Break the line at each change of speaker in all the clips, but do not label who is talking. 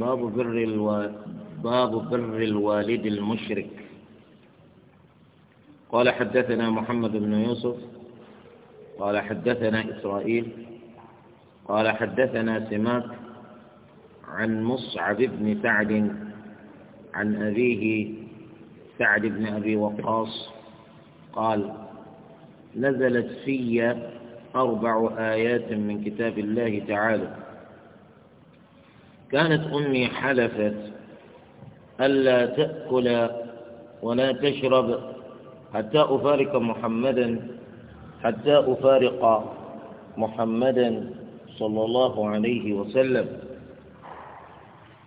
باب بر الو... باب بر الوالد المشرك قال حدثنا محمد بن يوسف قال حدثنا إسرائيل قال حدثنا سماك عن مصعب بن سعد عن أبيه سعد بن أبي وقاص قال نزلت في أربع آيات من كتاب الله تعالى كانت أمي حلفت ألا تأكل ولا تشرب حتى أفارق محمدا حتى أفارق محمدا صلى الله عليه وسلم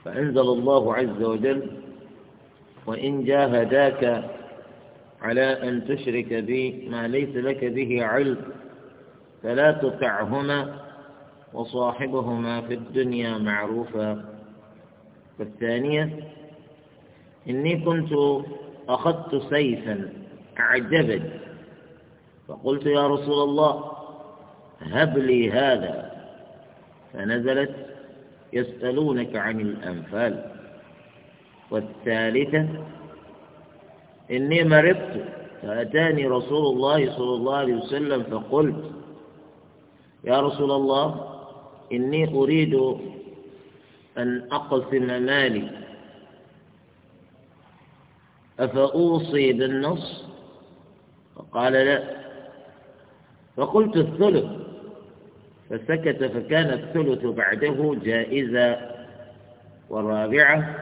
فأنزل الله عز وجل وإن جاهداك على أن تشرك بي ما ليس لك به علم فلا تطعهما وصاحبهما في الدنيا معروفا والثانية إني كنت أخذت سيفا أعجبني فقلت يا رسول الله هب لي هذا فنزلت يسألونك عن الأنفال والثالثة إني مرضت فأتاني رسول الله صلى الله عليه وسلم فقلت يا رسول الله إني أريد أن أقسم مالي أفأوصي بالنص فقال لا فقلت الثلث فسكت فكان الثلث بعده جائزة والرابعة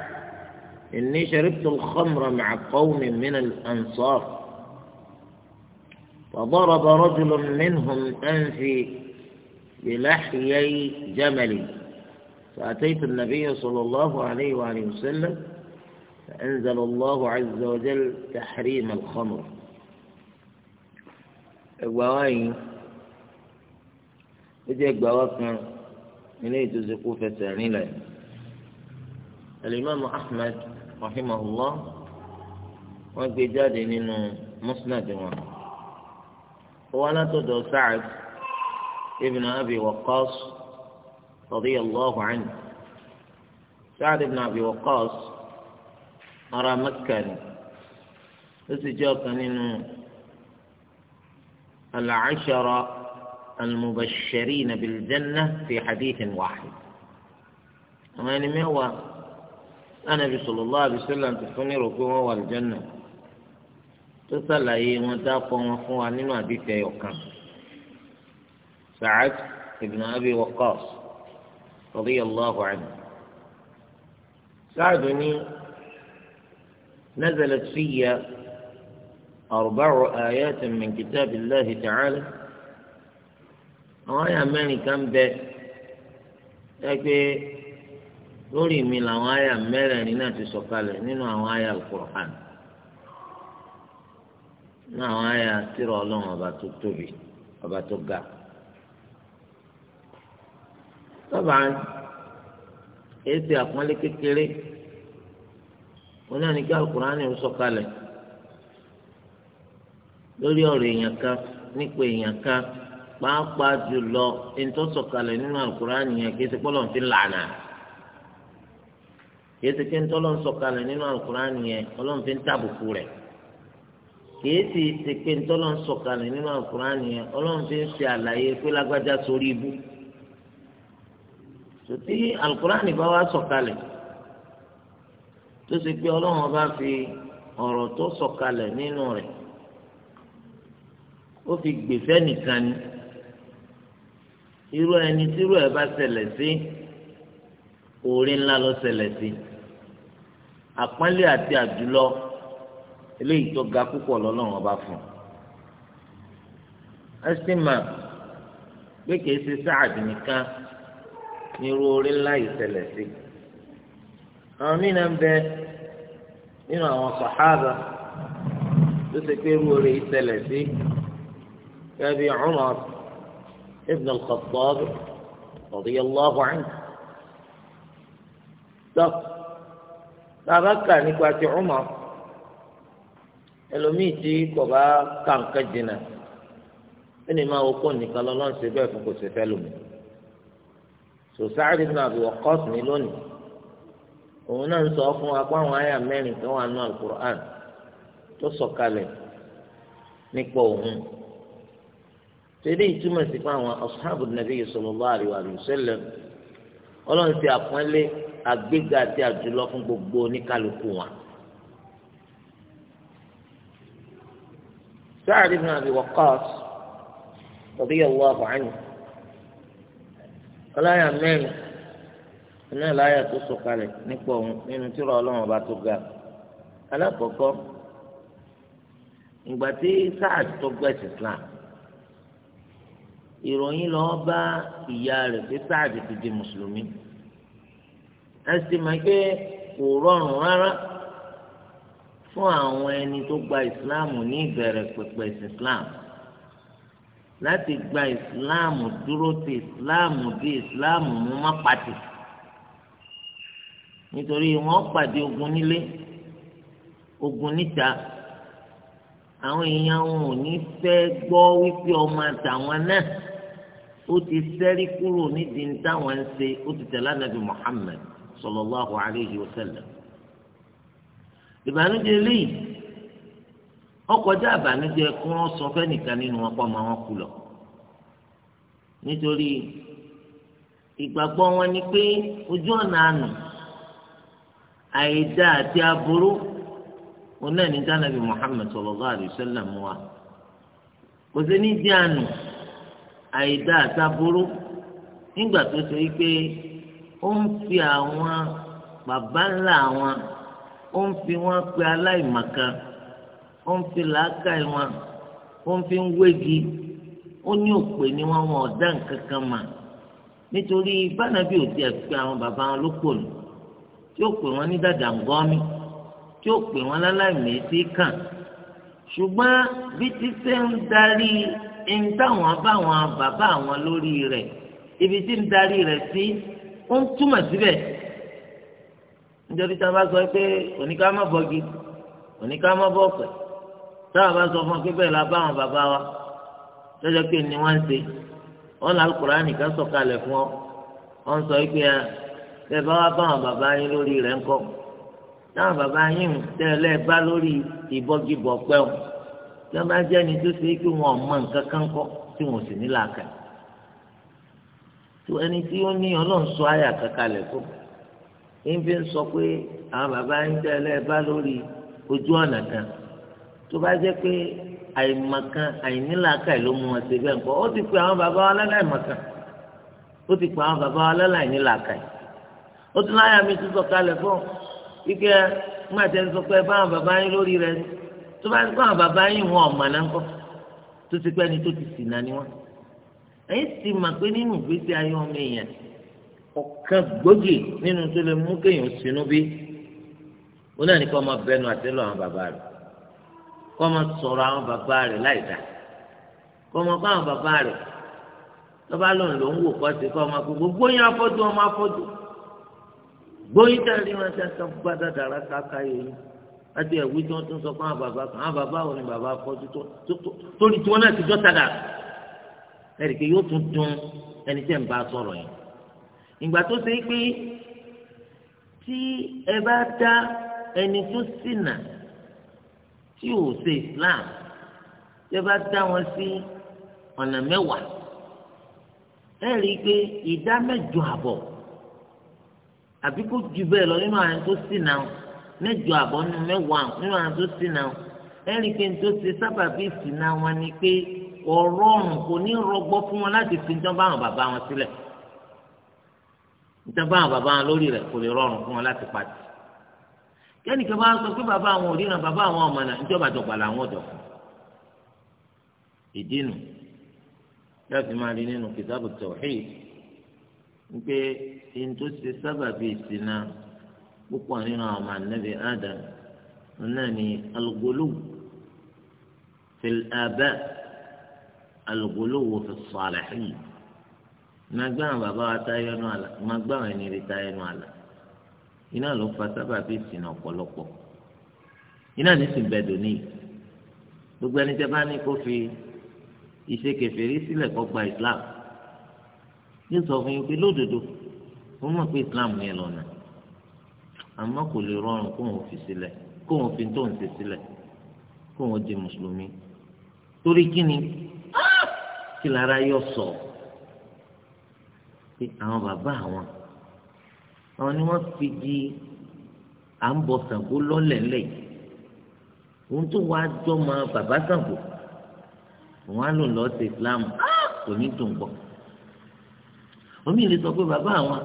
إني شربت الخمر مع قوم من الأنصار فضرب رجل منهم أنفي بلحيي جمل فأتيت النبي صلى الله عليه وآله وسلم فأنزل الله عز وجل تحريم الخمر إغواي إذا إغواكنا إليه تزقوا الإمام أحمد رحمه الله وفي جاد مسند وانا تدو سعد ابن أبي وقاص رضي الله عنه سعد بن أبي وقاص أرى مكة استجاق من العشرة المبشرين بالجنة في حديث واحد أما يعني أنا النبي صلى الله عليه وسلم تفني ركوع والجنة تسأل أي متاقوم فوق نينو أبي تيوكا سعد بن أبي وقاص رضي الله عنه سعد نزلت في أربع آيات من كتاب الله تعالى آية ماني كم ب لكن نري من الآية مرن ناتي سكالة من آية القرآن من آية ترى لهم أبا تكتبي أبا تقع طبعا èsì àpọ́nlé kékeré wọn náà ní kí alukur'ani ń sọ̀kalẹ̀ lórí ọ̀rọ̀ èèyàn kan nípa èèyàn kan pàápàá jùlọ ìtọ́sọ̀kalẹ̀ nínú alukur'ani yẹn kí ẹsẹ̀ pọ́lọ́ fi lànà kí ẹsẹ̀ pé ńtọ́lọ́ ń sọ̀kalẹ̀ nínú alukur'ani yẹn ọlọ́run fi ń tàbùkù rẹ̀ kì í ṣe sọ̀kalẹ̀ nínú alukur'ani yẹn ọlọ́run fi ń ṣe àlàyé pé lágbájá sórí ibú. sòtí alukurani bá wa sọ̀kalẹ̀ tó ṣe pé ọlọ́run bá fi ọ̀rọ̀ tó sọ̀kalẹ̀ nínú rẹ̀ ó fi gbèfẹ́ nìkan ni irú ẹni tí irú ẹ bá ṣẹlẹ̀ sí oore ńlá ló ṣẹlẹ̀ sí àpọ́nlé àti àjùlọ eléyìí tó ga púpọ̀ lọ́lọ́run ọba fún un ẹ sì mà pé kìí ṣe sáàdì nìkan ní irú orí ńlá yìí ṣẹlẹ̀ sí àwọn míì náà ń bẹ nínú àwọn sàhábà tó ṣe pé irú orí yìí ṣẹlẹ̀ sí gẹ́gẹ́ bí Umar ibn al-Khattab radiyallahu anhu tọ́ bàbá kà nípa ti Umar ẹlòmíì tí kò bá kà nǹkan jìnnà ẹni máa wọ́pọ̀ nìkan lọ́lọ́run ṣe bẹ́ẹ̀ fún kò ṣe fẹ́ lòmìnira. sòsáàdì náà àbí wọ́kọ́s ní lónìí òun náà ń sọ fún wa àwọn àyà mẹ́rin tó wà nù alukur'an tó sọ̀kalẹ̀ nípa òun tẹ̀lé ìtumọ̀ sí fún àwọn ashabu nabi sallallahu alaihi wa sallam ọlọ́run ti àpọ́nlé àgbéga àti àjùlọ fún gbogbo oníkálukú wọn. Sa'd ibn Abi Waqqas radiyallahu anhu ọláyà mẹ́rin náà láyà tó sọ̀kalẹ̀ nípa òun nínú tírà Ọlọ́run ọba tó ga alákọ̀ọ́kọ́ ìgbà tí Sa'ad tó gbẹ̀sì Islam ìròyìn lọ bá ìyá rẹ̀ pé Sa'ad ti di mùsùlùmí ẹ sì mọ̀ pé kò rọrùn rárá fún àwọn ẹni tó gba Islam ní ìbẹ̀rẹ̀ pẹ̀pẹ̀ Islam. Islam láti gba ìsìláàmù dúró ti ìsìláàmù bí ìsìláàmù mú má pàtì nítorí wọ́n pàdé ogun nílé ogun níta àwọn èèyàn wọn ò ní fẹ́ gbọ́ wípé ọmọ àtàwọn náà ó ti sẹ́rí kúrò nídìí táwọn ń ṣe ó ti tẹ̀lé ànábì Muhammad sallallahu alayhi wa sallam ìbànújẹ́ eléyìí. ọkọjá àbànújẹ́ kí wọn sọ fẹnìkan nínú wọn pọmọ wọn kú lọ nítorí ìgbàgbọ́ wọn ni pé ojú ọ̀nà àná àìdá àti aburú oná ní jánàbí Muhammad sallallahu alaihi wasallam wa kò sí ní jẹ́ àná àìdá àti aburú nígbà tó ṣe wípé ó ń fi àwọn bàbá ńlá wọn ó ń fi wọn pe aláìmọ̀kan. ó ń fi làákàyè wọn ó ń fi ń wégi ó ní òpè ni wọn wọn ọ̀dá nǹkan kan mà nítorí bánàbí òdi ẹ̀fí àwọn bàbá wọn ló pò ní tí ó pè wọn ní dàdàngọ́mí tí ó pè wọn láláìmẹ̀ẹ́sì kàn ṣùgbọ́n bí títí ń darí ń táwọn báwọn bàbá àwọn lórí rẹ̀ ibi tí ń darí rẹ̀ sí ó ń túmọ̀ síbẹ̀ nítorí tí bá sọ pé oníkàá má bọ́gi oníkàá má bọ́ pẹ̀ táwọn bá sọ fún wa pé bẹ́ẹ̀ la bá àwọn bàbá wa lọ́jọ́ pé ni wọ́n ń ṣe wọ́n lọ Al-Kùránì ká sọ̀kalẹ̀ fún ọ wọ́n sọ pé ẹ bẹ́ẹ̀ bá wa bá àwọn bàbá yín lórí rẹ̀ ńkọ́ táwọn bàbá yín tẹ́lẹ̀ bá lórí ìbọ́gibọ̀ pẹ́ o tí wọ́n bá jẹ́ ni tó ṣe pé wọn mọ nǹkan kan kọ́ tí wọn sì ní làákà tó ẹni tí ó ní Ọlọ́run sọ àyà kankalẹ̀ fún ń fi sọ pé àwọn bàbá yín tẹ́lẹ̀ bá lórí ojú ọ̀nà kan tó bá jẹ́ pé àìmọ̀kan àìnílàákàyè ló mú wọn ṣe bẹ́ẹ̀ nǹkan ó ti pè àwọn bàbá wa láláìmọ̀kan ó ti pè àwọn bàbá wa láláìnílàákàyè ó tún láyà mi tún sọ̀kalẹ̀ fún ike ńgbà tẹ́ ń sọ pé báwọn bàbá yín lórí rẹ ni tó bá ń kọ́ àwọn bàbá yín wọn ọ̀mọ̀ náà ń kọ́ tó ti pẹ́ ni tó ti sì náà ni wọ́n ẹ̀yìn sì mà pé nínú ìgbésí ayé ọmọ èèyàn ọ̀kan gbòógì nínú tó lè mú kéèyàn sínú bí ó náà ní kọ́ máa sọ̀rọ̀ àwọn bàbá rẹ̀ láì dá kọ́ máa bá àwọn bàbá rẹ̀ lọ́ba lòun ló ń wò kọ́ sí kọ́ máa gbogbo gbóyún afọ́jú ọmọ afọ́jú gbóyún tẹ̀lé wọn ṣe sọ fún bàtà dàrá káka yìí láti ẹ̀wí tí wọ́n tún sọ fún àwọn bàbá kan àwọn bàbá wo ni bàbá afọ́jú torí tí wọ́n náà ti jọ́ sadà ẹ̀ríkẹ́ yóò tún dun ẹni tẹ́ ń bá sọ̀rọ̀ yẹn ìgbà tó ṣe pé tí ẹ bá dá ẹni tó sì nà tí ò ṣe islam tẹ́ bá dá wọn sí ọ̀nà mẹ́wàá ẹ rí i pé ìdá mẹ́jọ àbọ̀ àbí kó ju bẹ́ẹ̀ lọ nínú àwọn tó sì náà mẹ́jọ àbọ̀ nínú mẹ́wàá nínú àwọn tó sì náà ẹ rí i pé tó ṣe sábàbí ìsìnà wọn ni pé ọ̀rọ̀ ọ̀run kò ní rọgbọ fún wọn láti fi ìjọba àwọn bàbá wọn sílẹ̀ ìjọba àwọn bàbá wọn lórí rẹ̀ kò lè rọrùn fún wọn láti pàtì yẹnìkan bá ń sọ pé bàbá àwọn òríran bàbá àwọn ọmọnà níjọba àjọpọ̀ làwọn ọ̀dọ̀ ìdí nu láti máa rí nínú kìtàbù tawhid wípé ẹni tó ṣe sábà bíi ìsìnà púpọ̀ nínú àwọn ọmọ ànábì Adam náà ni al-ghuluw fil aba al-ghuluw fi salihin máa gbá bàbá wa táyé ẹnu àlà máa gbá ẹni rí táyé ẹnu àlà iná ló fa sábàbí ìsìn ọ̀pọ̀lọpọ̀ iná ní sìn bẹ́ẹ̀ dòní gbogbo ẹni tẹ́ bá ní kó fi ìṣe kèfèrí sílẹ̀ kó gba islam yóò sọ fún yín pé lódodo wọ́n mọ̀ pé islam ní ẹlọ́nà àmọ́ kò lè rọrùn kó wọn fi sílẹ̀ kó wọn fi tó ń ṣe sílẹ̀ kó wọn di mùsùlùmí torí kí ni kí lára yọ sọ pé àwọn bàbá àwọn àwọn ni wọ́n fi di à ń bọ Ṣàngó lọ́lẹ̀lẹ̀ yìí òun tó wàá jọ mọ bàbá Ṣàngó òun á lò lọ́ọ́ sí Islam kò ní dùn gbọ́ omi ìlú sọ pé bàbá àwọn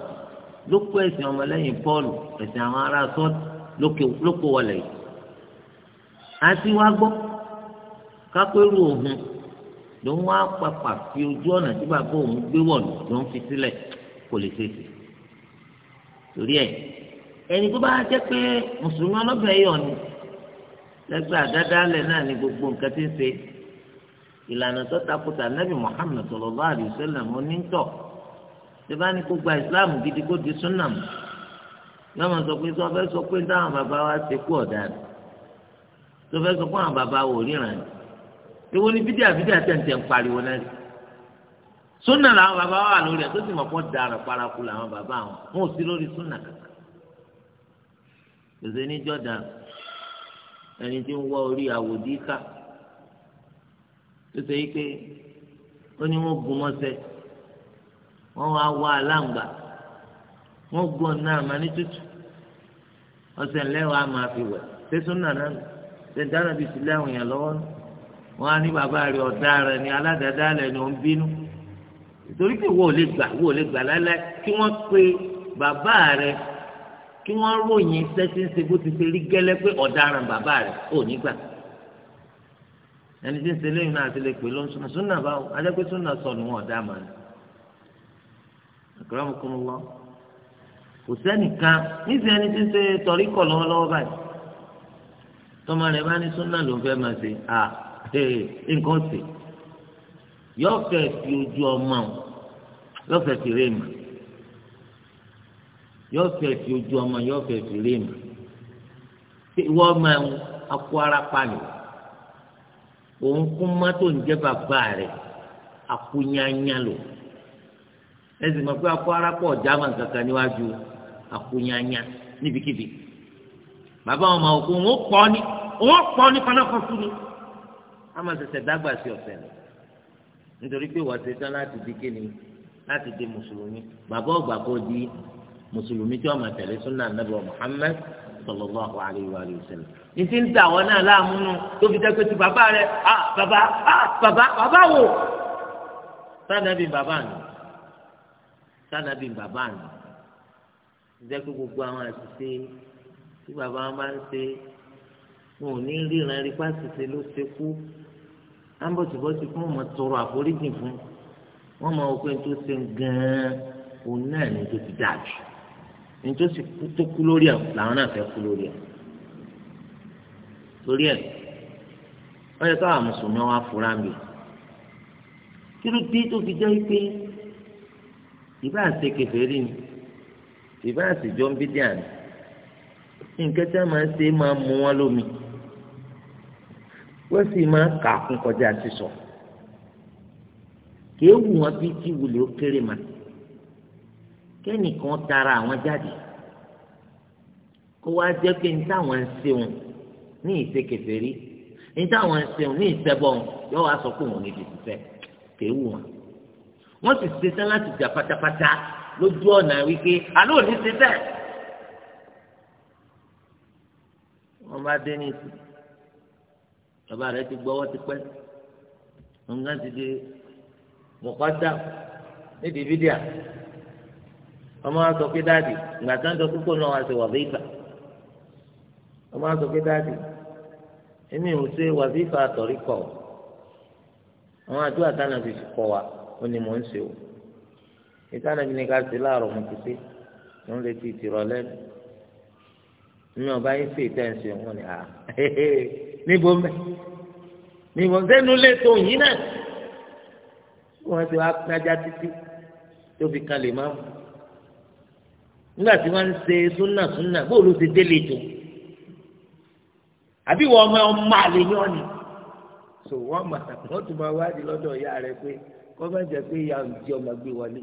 ló kó ẹ̀sìn ọmọlẹ́yìn Pọ́ọ̀lù ẹ̀sìn àwọn ará sọ́ọ̀tì ló kó wọlé yìí àti wá gbọ́ kápẹ́rù òhun ló ń wá papà fi ojú ọ̀nà tí bàbá òun gbé wọ̀ ló ń fi sílẹ̀ kò lè ṣèṣe torí ẹ ẹni tó bá jẹ́ pé mùsùlùmí ọlọ́bẹ̀ yọ̀ ni lẹ́gbẹ́ àdádálẹ̀ náà ni gbogbo nǹkan ti ń ṣe ìlànà tó takùtà nẹ́bí Muhammad sallallahu alaihi wasallam onítọ̀ tí bá ní kó gba ìsìláàmù gidi kó di súnà mọ́ yọ máa sọ pé tó fẹ́ sọ pé táwọn bàbá wa ṣe kú ọ̀dà rẹ̀ tó fẹ́ sọ pé àwọn bàbá wa ò ríran rẹ̀ èwo ni bídíà bídíà tẹ̀ǹtẹ̀ ń pariwo náà súnà làwọn bàbá wà lórí ẹ̀ tó sì mọ̀ pọ́ darọ̀ paraku làwọn bàbá wọn wọn ò sí lórí súnà kàkà gbèsè níjọ́ dà ẹni tí ń wọ orí àwòdíkà tó ṣe yí pé ó ní wọ́n gun mọ́sẹ̀ wọ́n wá wá aláǹgbà wọ́n gbọ́n náà máa ní tútù ọṣẹ ńlẹ́wọ̀ á fi wẹ̀ ṣé súnà náà ṣe dáná bíi sílẹ̀ àwọn èèyàn lọ́wọ́ wọ́n á ní bàbá rẹ̀ ọ̀daràn ni aládàáda rẹ̀ ni ó ń bínú torí pé ìwọ ò lè gbà ìwọ ò lè gbà lálẹ́ kí wọ́n pe bàbá rẹ kí wọ́n ròyìn sẹ́sí ń ṣe bó ti ṣe rí gẹ́lẹ́ pé ọ̀daràn bàbá rẹ ò ní gbà ẹni tí ń ṣe lẹ́yìn náà ti lè pè ló ń súnà súnà báwo adẹ́pẹ́ súnà sọnù wọn ọ̀dà màá àkàrà mi kún un lọ kò sẹ́nìkan níṣẹ́ ẹni tí ń ṣe tọ̀rí kọ̀ lọ́wọ́lọ́wọ́ báyìí tọ́mọ rẹ̀ bá ní súnà ló fẹ́ máa ṣe à yóò fẹ́ fi ojú ọmọ yóò fẹ́ fi rí ìmọ̀ yóò fẹ́ fi ojú ọmọ yóò fẹ́ fi rí ìmọ̀ ìwọ akwụ akó ara pàlì òun kún mọ́tò ń jẹ́ bàbá rẹ̀ akó lò pé akó bàbá wọn máa kó wọn pọ̀ a máa dágbà sí ọ̀sẹ̀ nítorí pé wàá ṣe tán láti di kíni láti di mùsùlùmí bàbá ọgbà kò di mùsùlùmí tí wọn máa tẹ̀lé súnà nàbẹ Muhammad sallallahu alayhi wa sallam ní ti ń ta àwọn náà láàmúnú tó fi dẹ́gbẹ́ ti bàbá rẹ̀ ah bàbá ah bàbá bàbá wò sànàbí bàbá nù sànàbí bàbá nù jẹ́ pé gbogbo àwọn àṣìṣe tí bàbá wọn bá ń ṣe wọn ò ní ríran rí pàṣìṣe ló ṣe kú à ń bọ̀sibọ́sí fún ọmọ tọrọ àforíjì fún wọn máa wọ pé tó ṣe gan-an òun náà ni tó ti dáa jù ní tó sì tó kú lórí ẹ̀ làwọn náà fẹ́ kú lórí ẹ̀ torí ẹ̀ wọ́n yẹ káwọn mùsùlùmí wọn afura mi kí ló dé tó fi jẹ́ pé ìbá àti kèfèrí ni ìbá àti jọ́ ń bí díà ni nǹkan tí a máa ṣe máa mú wọn lómi wọ́n sì máa kà á kún kọjá sísọ kìí wù wọn bí tí wulẹ̀ ó kéré ma kẹ́nìkan tara àwọn jáde kó wá jẹ́ pé ní táwọn ń ṣeun ní ìṣekèfé rí ní táwọn ń ṣeun ní ìṣẹ́bọ̀n yóò wá sọ pé òun níbi ìṣiṣẹ́ kìí wù wọn wọ́n sì ṣetán láti jà pátápátá lójú ọ̀nà wípé àlọ́ òní ṣe bẹ́ẹ̀ wọ́n bá dé ní ìsìn bàbá rẹ̀ ti gbọ́wọ́ tipẹ́ nǹkan ti di mọ̀kọ́dà nídìí fídíà ọmọ wa sọ pé dáàdì ìgbà tí wọ́n sọ púpọ̀ náà wá sí wàbíìfà ọmọ wa sọ pé dáàdì èmi ò ṣe wàbíìfà àtọ̀rí kọ̀ àwọn àdúrà táwọn fi kọ̀ wa ó ní mò ń ṣe o ìtànàbí ni ká ṣe láàárọ̀ mo ti ṣe mo ń retí ìtìrọ̀lẹ́nu nínú ọba yín sí ìtẹ́ǹsì wọn ni àá níbo mẹ níbo sẹ́nu lè tó yín náà wọ́n ti wá kájá títí tó fi kan lè má mú nígbà tí wọ́n ń ṣe súnà súnà bóòlù ti délé tó àbí wọ́n ọmọ ọmọ àlè yán ni so wọ́n mà wọ́n tún máa wádìí lọ́dọ̀ ìyá rẹ pé kọ́ bá jẹ pé ìyá òjì ọmọ gbé wọlé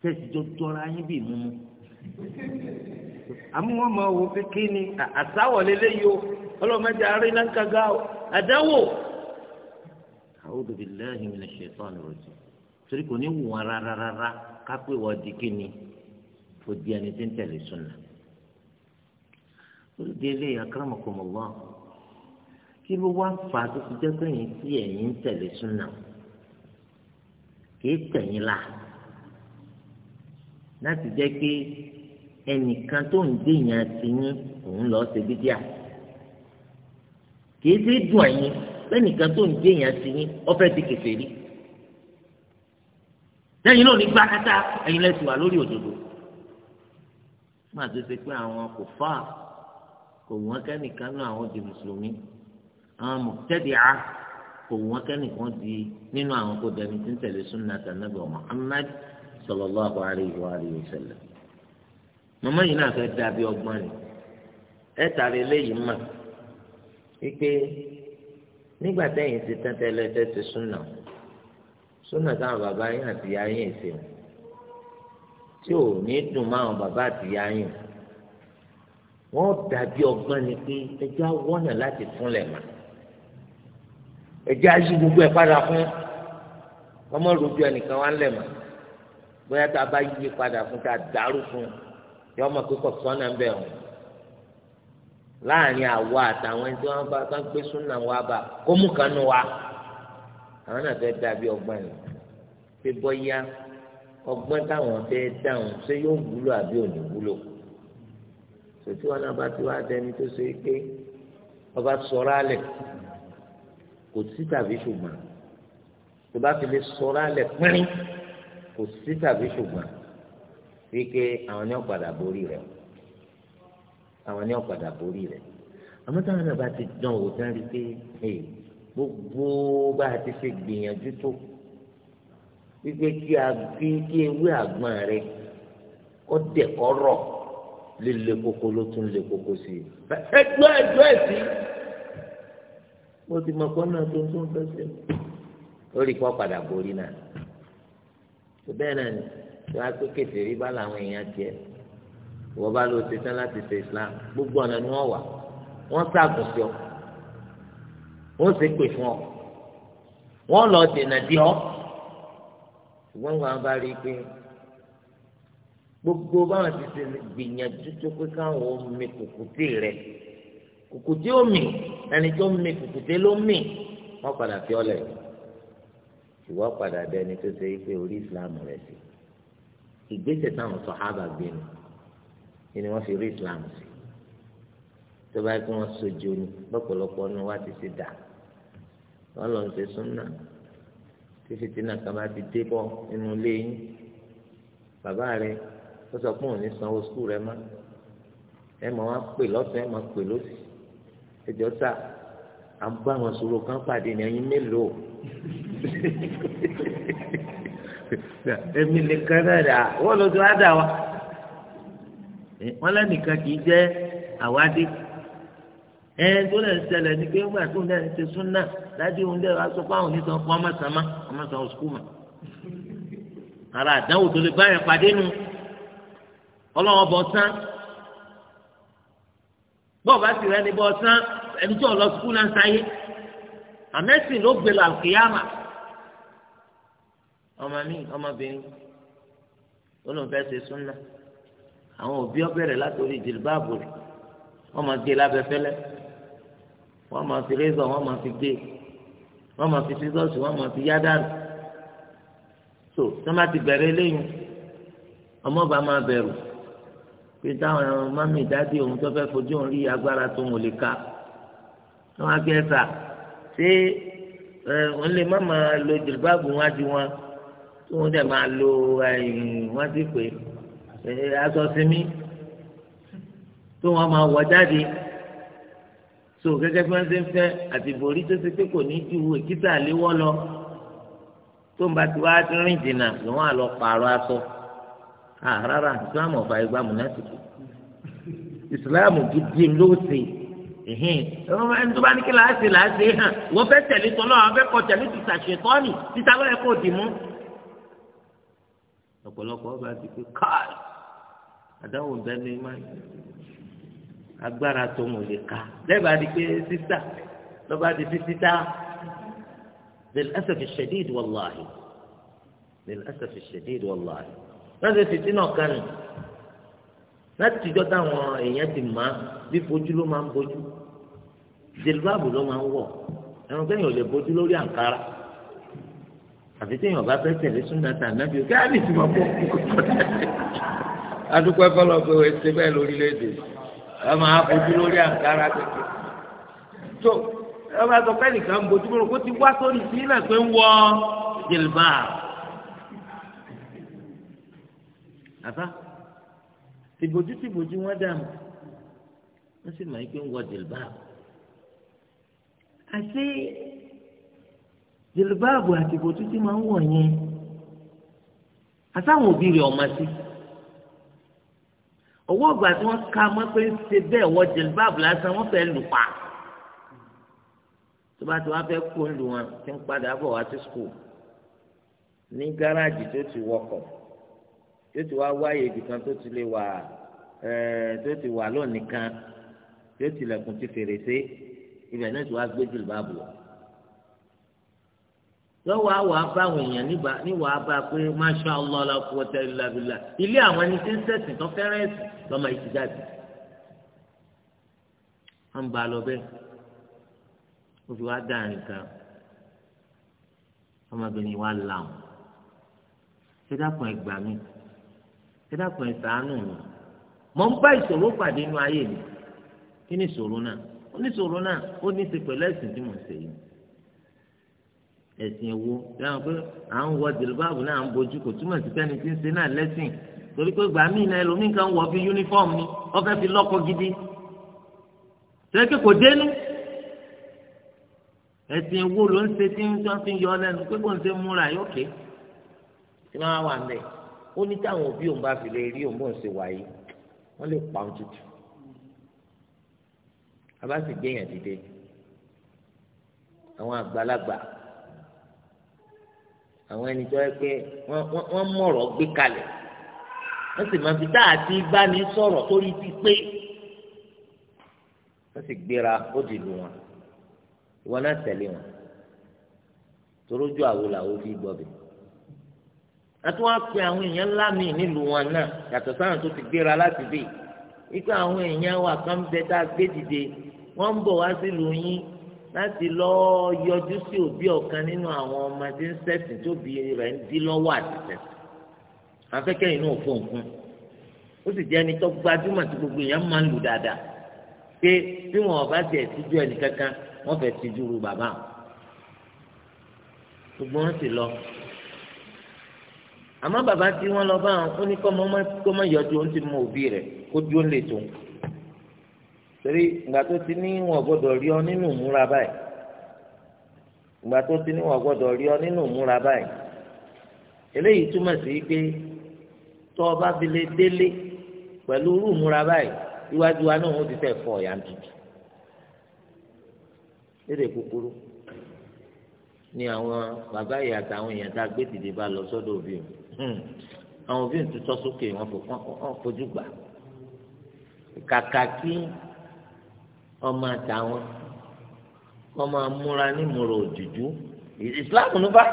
tẹ̀sí tó tọ́ra yín bí mímú àmú wọn máa wò pé kí ni àsáwọ̀ lélẹ́yìí o ọlọ́mọdé arí láńkà gá o àdáwò. A'udhu billahi minash shaitani rajim torí kò ní wọn rárá rárá wọ́n di kí ni kò di ẹni tí ń tẹ̀lé sunna. olùdí eléyìí kí ló wá fà á tó ti jẹ́ pé ẹ̀yin tí ń la láti jẹ́ pé. ẹnìkan tó ń gbé yẹn ti yín òun lọ ṣe bídíà kìí ṣe dùn ẹ̀yin lẹ́nìkan tó ń gbé yẹn ti yín ọ̀fẹ́ ti kẹfẹ́ rí lẹ́yìn náà ní gbàkátà ẹ̀yin lẹ́sìn wà lórí òdodo má tó ṣe pé àwọn kò fà kò wọ́n kẹ́nìkan náà àwọn di mùsùlùmí àwọn mùtẹ́dìá kò wọ́n kẹ́nìkan di nínú àwọn kò dẹni tí ń tẹ̀lé sunnah tànàbọ̀ Muhammad sallallahu alayhi wa sallam màmá yìí náà fẹ́ dàbí ọgbọ́n ni ẹ tàrí eléyìí mà wípé nígbà tẹ́yìn ti tán tẹ́lẹ̀ tẹ́ ti súnà súnà táwọn bàbá yín àti ìyá yín èsì wọn tí ò ní dùn máwọn bàbá àti ìyá yín wọn dàbí ọgbọ́n ni pé ẹjọ́ wọ́nà láti fúnlẹ̀ mà ẹjọ́ ayé gbogbo ẹ̀ padà fún ọmọ rògbò ẹnìkan wá ń lẹ̀ mà bóyá tá a bá yí padà fún tá a dàrú fún un yọ ọmọ pé kọ̀sọ́nà ń bẹ̀ wọ́n láàrin àwa àtàwọn ẹni tí wọ́n bá kán gbé súnà wa bá kó mú kan nù wa àwọn náà fẹ́ dàbí ọgbọ́n ni pé bọ́yá ọgbọ́n táwọn fẹ́ dáhùn ṣé yóò wúlò àbí ò ní wúlò sòtí wọn náà bá ti wá dẹni tó ṣe é pé ọba sọ̀rọ̀ alẹ̀ kò sí tàbí ṣùgbọ́n tó bá fi lè sọ̀rọ̀ alẹ̀ pínrín kò sí tàbí ṣùgbọ́n wípé àwọn ní ọ̀padà borí rẹ̀ àwọn ní ọ̀padà borí rẹ̀ àmọ́ táwọn náà bá ti dán wò tán rí pé gbogbo bá a ti ṣe gbìyànjú tó wípé kí a fi kí ewé àgbọn rẹ kó dẹ̀ kọ́ rọ̀ líle koko ló tún lè koko sí i ẹgbẹ́ ẹgbẹ́ sí mo ti mọ̀ kọ́ náà tó ń tún fẹ́ sí i lórí kọ́ padà borí náà bẹ́ẹ̀ náà ni wọ́n á pé kẹfìrí bá làwọn èèyàn tiẹ̀ wọ́n bá lọ ṣe tán láti ṣe islam gbogbo ọ̀nà ni wọ́n wà wọ́n ṣàgùn sí ọ wọ́n ṣe pè fún ọ wọ́n lọ dènà dí ọ ṣùgbọ́n wọn bá rí i pé gbogbo báwọn ti ṣe gbìyànjú tó pé káwọn ò mi rẹ kùkùté ó ẹni tó mi kùkùté ló mì wọ́n padà fi ọ lẹ̀ ìwọ padà bẹ ẹni tó ṣe é pé orí islam rẹ sí ìgbésẹ̀ táwọn sọ̀hábà gbé ni ni wọ́n fi rí islam sí tó bá kí wọ́n sojú ni lọ́pọ̀lọpọ̀ ni wọ́n ti ṣe dà wọ́n lọ ṣe súnà tí fìtínà kan bá ti dé bọ́ nínú ilé yín bàbá rẹ ó sọ pé òun ní sanwó skul rẹ mọ́ ẹ mọ̀ wá pè lọ́sàn ẹ mọ̀ pè lọ́sì ẹjọ́ sà à ń bá wọn sọ̀rọ̀ kan pàdé ní ẹyin mélòó èmi nìkan náà dà wọ́n lọ sí wá dà wá wọ́n lẹ́nìkan kì í jẹ́ àwádìí ẹn tó lè ṣẹlẹ̀ ní pé ńgbà tó ń dẹ́ ṣe súnà dájú ń dẹ́ wá sọ pé àwọn oníṣàn fún ọmọọ̀sánmá ọmọọ̀sán sukùmà ara àdánwò tó lè bá yẹn pàdé nu ọlọ́wọ́ bọ̀ sán bọ́ọ̀ bá sì rẹ́ ní bọ́ sán ẹni tí ò lọ sukùl náà sáyé àmẹ́sìn ló gbé lọ ọmọ mi ọmọbìnrin olùfẹ́ ṣe súnà àwọn òbí ọbẹ̀rẹ̀ látòrí jìlbáàbò rẹ̀ wọ́n máa gé lábẹ́fẹ́lẹ́ wọ́n máa fi rézọ̀ wọ́n máa fi gé wọ́n máa fi sísọ́ọ̀sì wọ́n máa fi yá dànù tó sọ́mà ti bẹ̀rẹ̀ eléyìí ọmọọba máa bẹ̀rù pé táwọn mami dádì òun tó fẹ́ fojú òun rí agbára tó ń lè ka wọ́n á gẹ́ sà ṣé òun lè má máa lo jìlbáàbò wọn á di wọn tí wọ́n dẹ̀ máa lo wọ́n ti pè aṣọ sinmi tí wọ́n máa wọ jáde so gẹ́gẹ́ bí wọ́n ṣe ń fẹ́ àti borí tó ṣe pé kò ní ju èkìtà léwọ́ lọ tó ń bá ti wá rìn jìnnà lòun àlọ́ pààrọ̀ aṣọ àrárá islam ọ̀fà ìgbà múnásìkò islam gidi ló ṣe ẹ̀hìn tó bá ní kí láàṣì láàṣì hàn wọ́n fẹ́ tẹ̀lé tọ́lọ́ àwọn fẹ́ kọ tẹ̀lé ti ṣàṣetọ́ni títa lọ́yẹ̀ kó dì mú ọ̀pọ̀lọpọ̀ ọba ti pé káì àdáwò bẹ́ẹ̀ ni máa ń agbára tó mò lè ka lẹ́bàá di pé sísá lọ́ba di sí sísá bẹ́ẹ̀ lẹ́sẹ̀fì ṣẹ̀díìd wàláhì bẹ́ẹ̀ lẹ́sẹ̀fì ṣẹ̀díìd wàláhì lọ́sẹ̀ fìtí náà kánú láti jọ́ táwọn èèyàn ti mọ̀ bí fojú ló máa ń bojú jìlbáàbù ló máa ń wọ̀ ẹ̀rọ kẹ́yìn ò lè bojú lórí àǹkárá àfi tí èèyàn bá fẹ́ tẹ̀lé súnà tà nàbí o kí á lè fi máa bọ́ kókó kọ́tà adúpẹ́ fọlọ́ pé o ṣe bẹ́ẹ̀ lórílẹ̀‐èdè
ẹ máa fojú lórí àǹkárá
kékeré tó ẹ bá sọ pé nìkan ń bojú kúrò kó ti wá sórí sílẹ̀ pé ń wọ jìlbà àbá tìbòjú tìbòjú wọn dànù wọn sì máa ń pè ń wọ jìlbà àti jìlìbáàbù àti ìbòtú tí máa ń wọ̀ yẹn àtàwọn òbí rẹ̀ ọ̀ma sí owó ọgbà tí wọ́n ka mọ́ pé ń ṣe bẹ́ẹ̀ wọ jìlìbáàbù lásán wọ́n fẹ́ lù pa tó bá ti wá fẹ́ kó ń lu wọn tí ń padà bọ̀ wá sí skul ní gáràjì tó ti wọkọ̀ tó ti wá wáyé ibìkan tó ti lè wà tó ti wà lónìí kan tó ti lẹ̀kùn ti fèrèsé ibẹ̀ náà ti wá gbé jìlìbáàbù lọ lọ́wọ́ àwọn abáwọn èèyàn níwọ̀ abá pé masha allah la quwwata illa billah ilé àwọn ẹni tí ń sẹ̀sìn tó fẹ́ràn ẹ̀sìn lọ́mọ yìí ti jáde. wọ́n ń ba lọ bẹ́ẹ̀ ó fi wá dáàrin kan ọmọbìnrin wa là wọn ṣé dákun ẹ gbà mí ṣé dákun ẹ mi mọ̀ ń bá ìṣòro pàdé inú ayé mi kí ni ìṣòro náà ó ní ìṣòro náà ó ní í ṣe pẹ̀lú ẹ̀sìn tí mò ń ṣe yìí ẹ̀sìn èwo lẹ́yìn pé à ń wọ jìlúbáàbù náà ń bojú kò túmọ̀ sí pẹ́ni tí ń ṣe náà lẹ́sìn torí pé gbàmí náà ẹlòmíì kan wọ̀ fi uniform ni wọ́n fẹ́ fi lọ́kọ gidi tẹ́kẹ́ kò dénú ẹ̀sìn èwo ló ń ṣe tí wọ́n fi yọ lẹ́nu pé bóun ṣe múra yóò ké tí wọ́n wà ń bẹ̀ ó ní táwọn òbí òun bá fi lè rí òun bóun ṣe wáyé wọ́n lè pa òun tutù abá sì gbé yàn dìde àwọn àgbàlagbà àwọn ẹni tó yẹ pé wọ́n mọ̀rọ̀ gbé kalẹ̀ wọ́n sì máa fi tá àti bá ní sọ̀rọ̀ torí ti pé wọ́n sì gbéra ó di lù wọn ìwọ náà tẹ̀lé wọn torójú àwo làwo fi gbọ́bẹ̀ àtúwọ́n á pe àwọn èèyàn ńlá mi nílùú wọn náà yàtọ̀ sáwọn tó ti gbéra láti bì í pé àwọn èèyàn wà kán bẹ tá a gbé dìde wọ́n ń bọ̀ wá sílùú yín láti lọ yọjú sí òbí ọ̀kan nínú àwọn ọmọ tí ń ṣẹ̀sìn tóbi rẹ̀ ń dí lọ́wọ́ àtẹ̀tẹ̀ afẹ́kẹ́ inú òfò nǹkan ó sì jẹ́ ẹni tó gbajúmọ̀ tí gbogbo èèyàn máa ń lù dáadáa pé bí wọn ò bá tiẹ̀ tijú ẹnì kankan wọ́n fẹ́ tijú ru bàbá wọn gbogbo wọn sì lọ àmọ́ bàbá tí wọ́n lọ bá wọn ó ní kọ́ mọ́ kọ́ mọ́ yọjú ó ti mọ òbí rẹ̀ kó dúró lè tó torí ìgbà tó ti ní wọn gbọ́dọ̀ rí ọ nínú ìmúra báyìí ìgbà tó ti ní wọn gbọ́dọ̀ rí ọ nínú ìmúra báyìí eléyìí túmọ̀ sí pé tó o bá délé pẹ̀lú irú ìmúra báyìí iwájú wa náà wọ́n ti fẹ́ fọ ọ̀yà tutù lédè kúkúrú ni àwọn bàbá ìyá àtàwọn èèyàn tá a gbé dìde bá lọ sọ́dọ̀ òbí mi hmm. àwọn òbí mi ti tọ́ sókè wọn fojú gbà kàkà kí ọmọ àtàwọn kọ́ máa múra ní múra òjòjú ìsìláàmù ló bá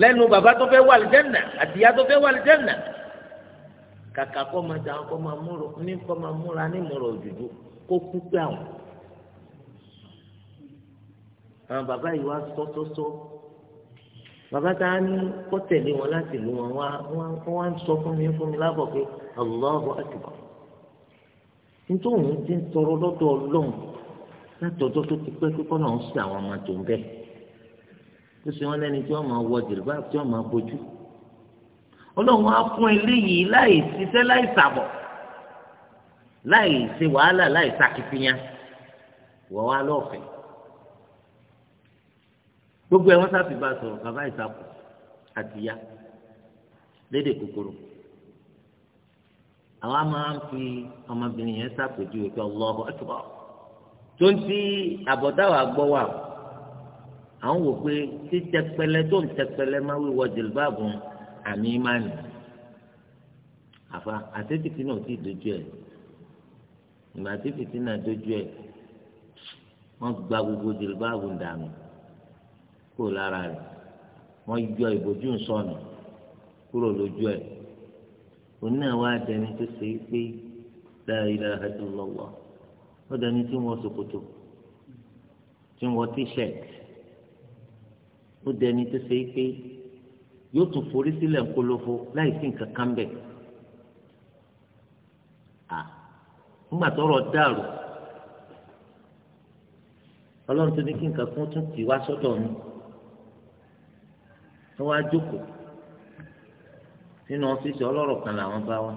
lẹ́nu bàbá tó fẹ́ wà lìjẹ́nà àti ìyá tó fẹ́ wà lìjẹ́nà kàkà kọ́ máa tàwọn kọ́ máa múra ní kọ́ máa múra ní múra òjòjú kó kú pé àwọn. àwọn bàbá yìí wá sọ́sọ́sọ́ bàbá tá a ní kọ́ wọn láti lù wọn wá wọ́n wá ń sọ fún mi fún mi lábọ̀ pé Allahu akbar nítorí òun ti ń tọrọ lọ́dọ̀ ọlọ́run látọjọ́ tó ti pẹ́ kíkọ́ náà ń ṣe àwọn ọmọ tó ń bẹ̀ ó ṣe wọn lẹ́ni tí wọ́n máa wọ jìrìbá tí wọ́n máa bójú ọlọ́run á fún eléyìí láì ṣiṣẹ́ láì sàbọ̀ láì ṣe wàhálà láì ṣàkìtìyàn wọ́n wá lọ́ọ̀fẹ́ gbogbo ẹ̀ wọ́n sáfì bá sọ̀rọ̀ bàbá ìsàkùn àtìyá lédè kòkòrò àwa máa ń fi ọmọbìnrin yẹn ṣàpèjúwe pé Allahu Akbar tó ń ti àbọ̀dáwà gbọ́ wà à ń wò pé títẹpẹlẹ tó ń tẹpẹlẹ máa wíwọ jìlbáàbù àmì ìmánì àfa àtẹ́tìtì náà ti dojú ẹ̀ ìgbà àtẹ́tìtì náà dojú ẹ̀ wọ́n gba gbogbo jìlbáàbù dànù kúrò lára rẹ̀ wọ́n yọ ìbòjú sọnù kúrò lójú ẹ̀ òun náà wá dẹni tó ṣe é pé la ilaha illallah ó dẹni tí wọ́n ṣòkòtò tí wọ́n t-shirt ó dẹni tó ṣe é pé yóò tún forí sílẹ̀ ńkólófó láì sí nǹkan kan bẹ̀. nígbà tọ́rọ̀ dàrú ọlọ́run tó ní kí nǹkan kan tún tì wá sọ́dọ̀ mi wọ́n wá jókòó nínú ọ́fíìsì ọlọ́rọ̀ kan làwọn bá wá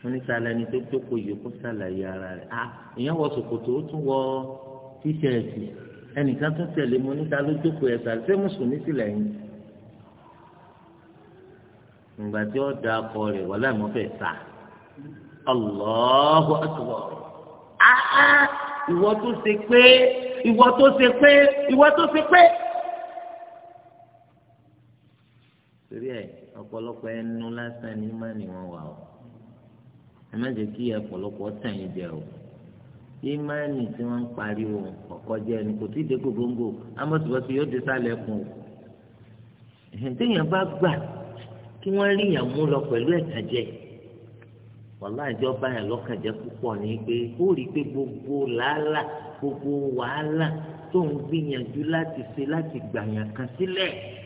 wọ́n ní sálẹ̀ ẹni tó jókòó yìí kó sàlàyé ara rẹ̀ ah èèyàn wọ ṣòkòtò ó tún wọ tíṣẹ̀ẹ̀tì ẹnìkan tún tẹ̀lé mo níta ló jókòó ẹ̀ sàlẹ̀ ṣé mùsùlùmí sì lẹ́yìn ìgbà tí ó da akọ rẹ̀ wọ́n láì mọ́ fẹ́ sà Allahu akbar ah, ah ìwọ tó ṣe pé ìwọ tó ṣe pé ìwọ tó ṣe pé. torí ẹ ọ̀pọ̀lọpọ̀ ẹnu lásán ní má ni wọ́n wà o ẹ má jẹ́ kí ọ̀pọ̀lọpọ̀ tàn yín jẹ o ìmánì tí wọ́n ń pariwo ọ̀kọ́ jẹ́ ẹni kò tí ì dé gbogbo amọ̀tìbọ̀tì yóò dé sálẹ̀ kù téèyàn bá gbà kí wọ́n rí yàn mú lọ pẹ̀lú ẹ̀tàjẹ́ wàhálà ìjọba yàn lọ́kànjẹ́ púpọ̀ ní pé ó rí i pé gbogbo làálà gbogbo wàhálà tó ń gbìyànjú láti ṣe láti gbàyàn kan sílẹ̀. Si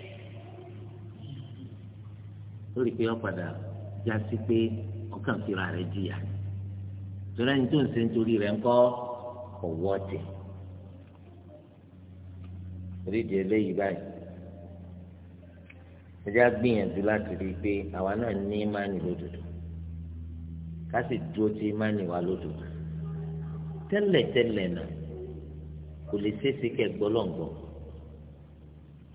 lórí pé ó já sí pé ọkàn fira rẹ̀ jìyà torí ẹni tó ń ṣe nítorí rẹ̀ ń kọ́ ọ̀wọ́ tẹ̀ orí ìdí eléyìí báyìí ẹ gbìyànjú láti rí i pé àwa náà ní ìmánì lódodo ká sì dúró tí ìmánì wa lódodo tẹ́lẹ̀tẹ́lẹ̀ náà kò lè ṣeéṣe kẹ́ gbọ́lọ́ǹgbọ́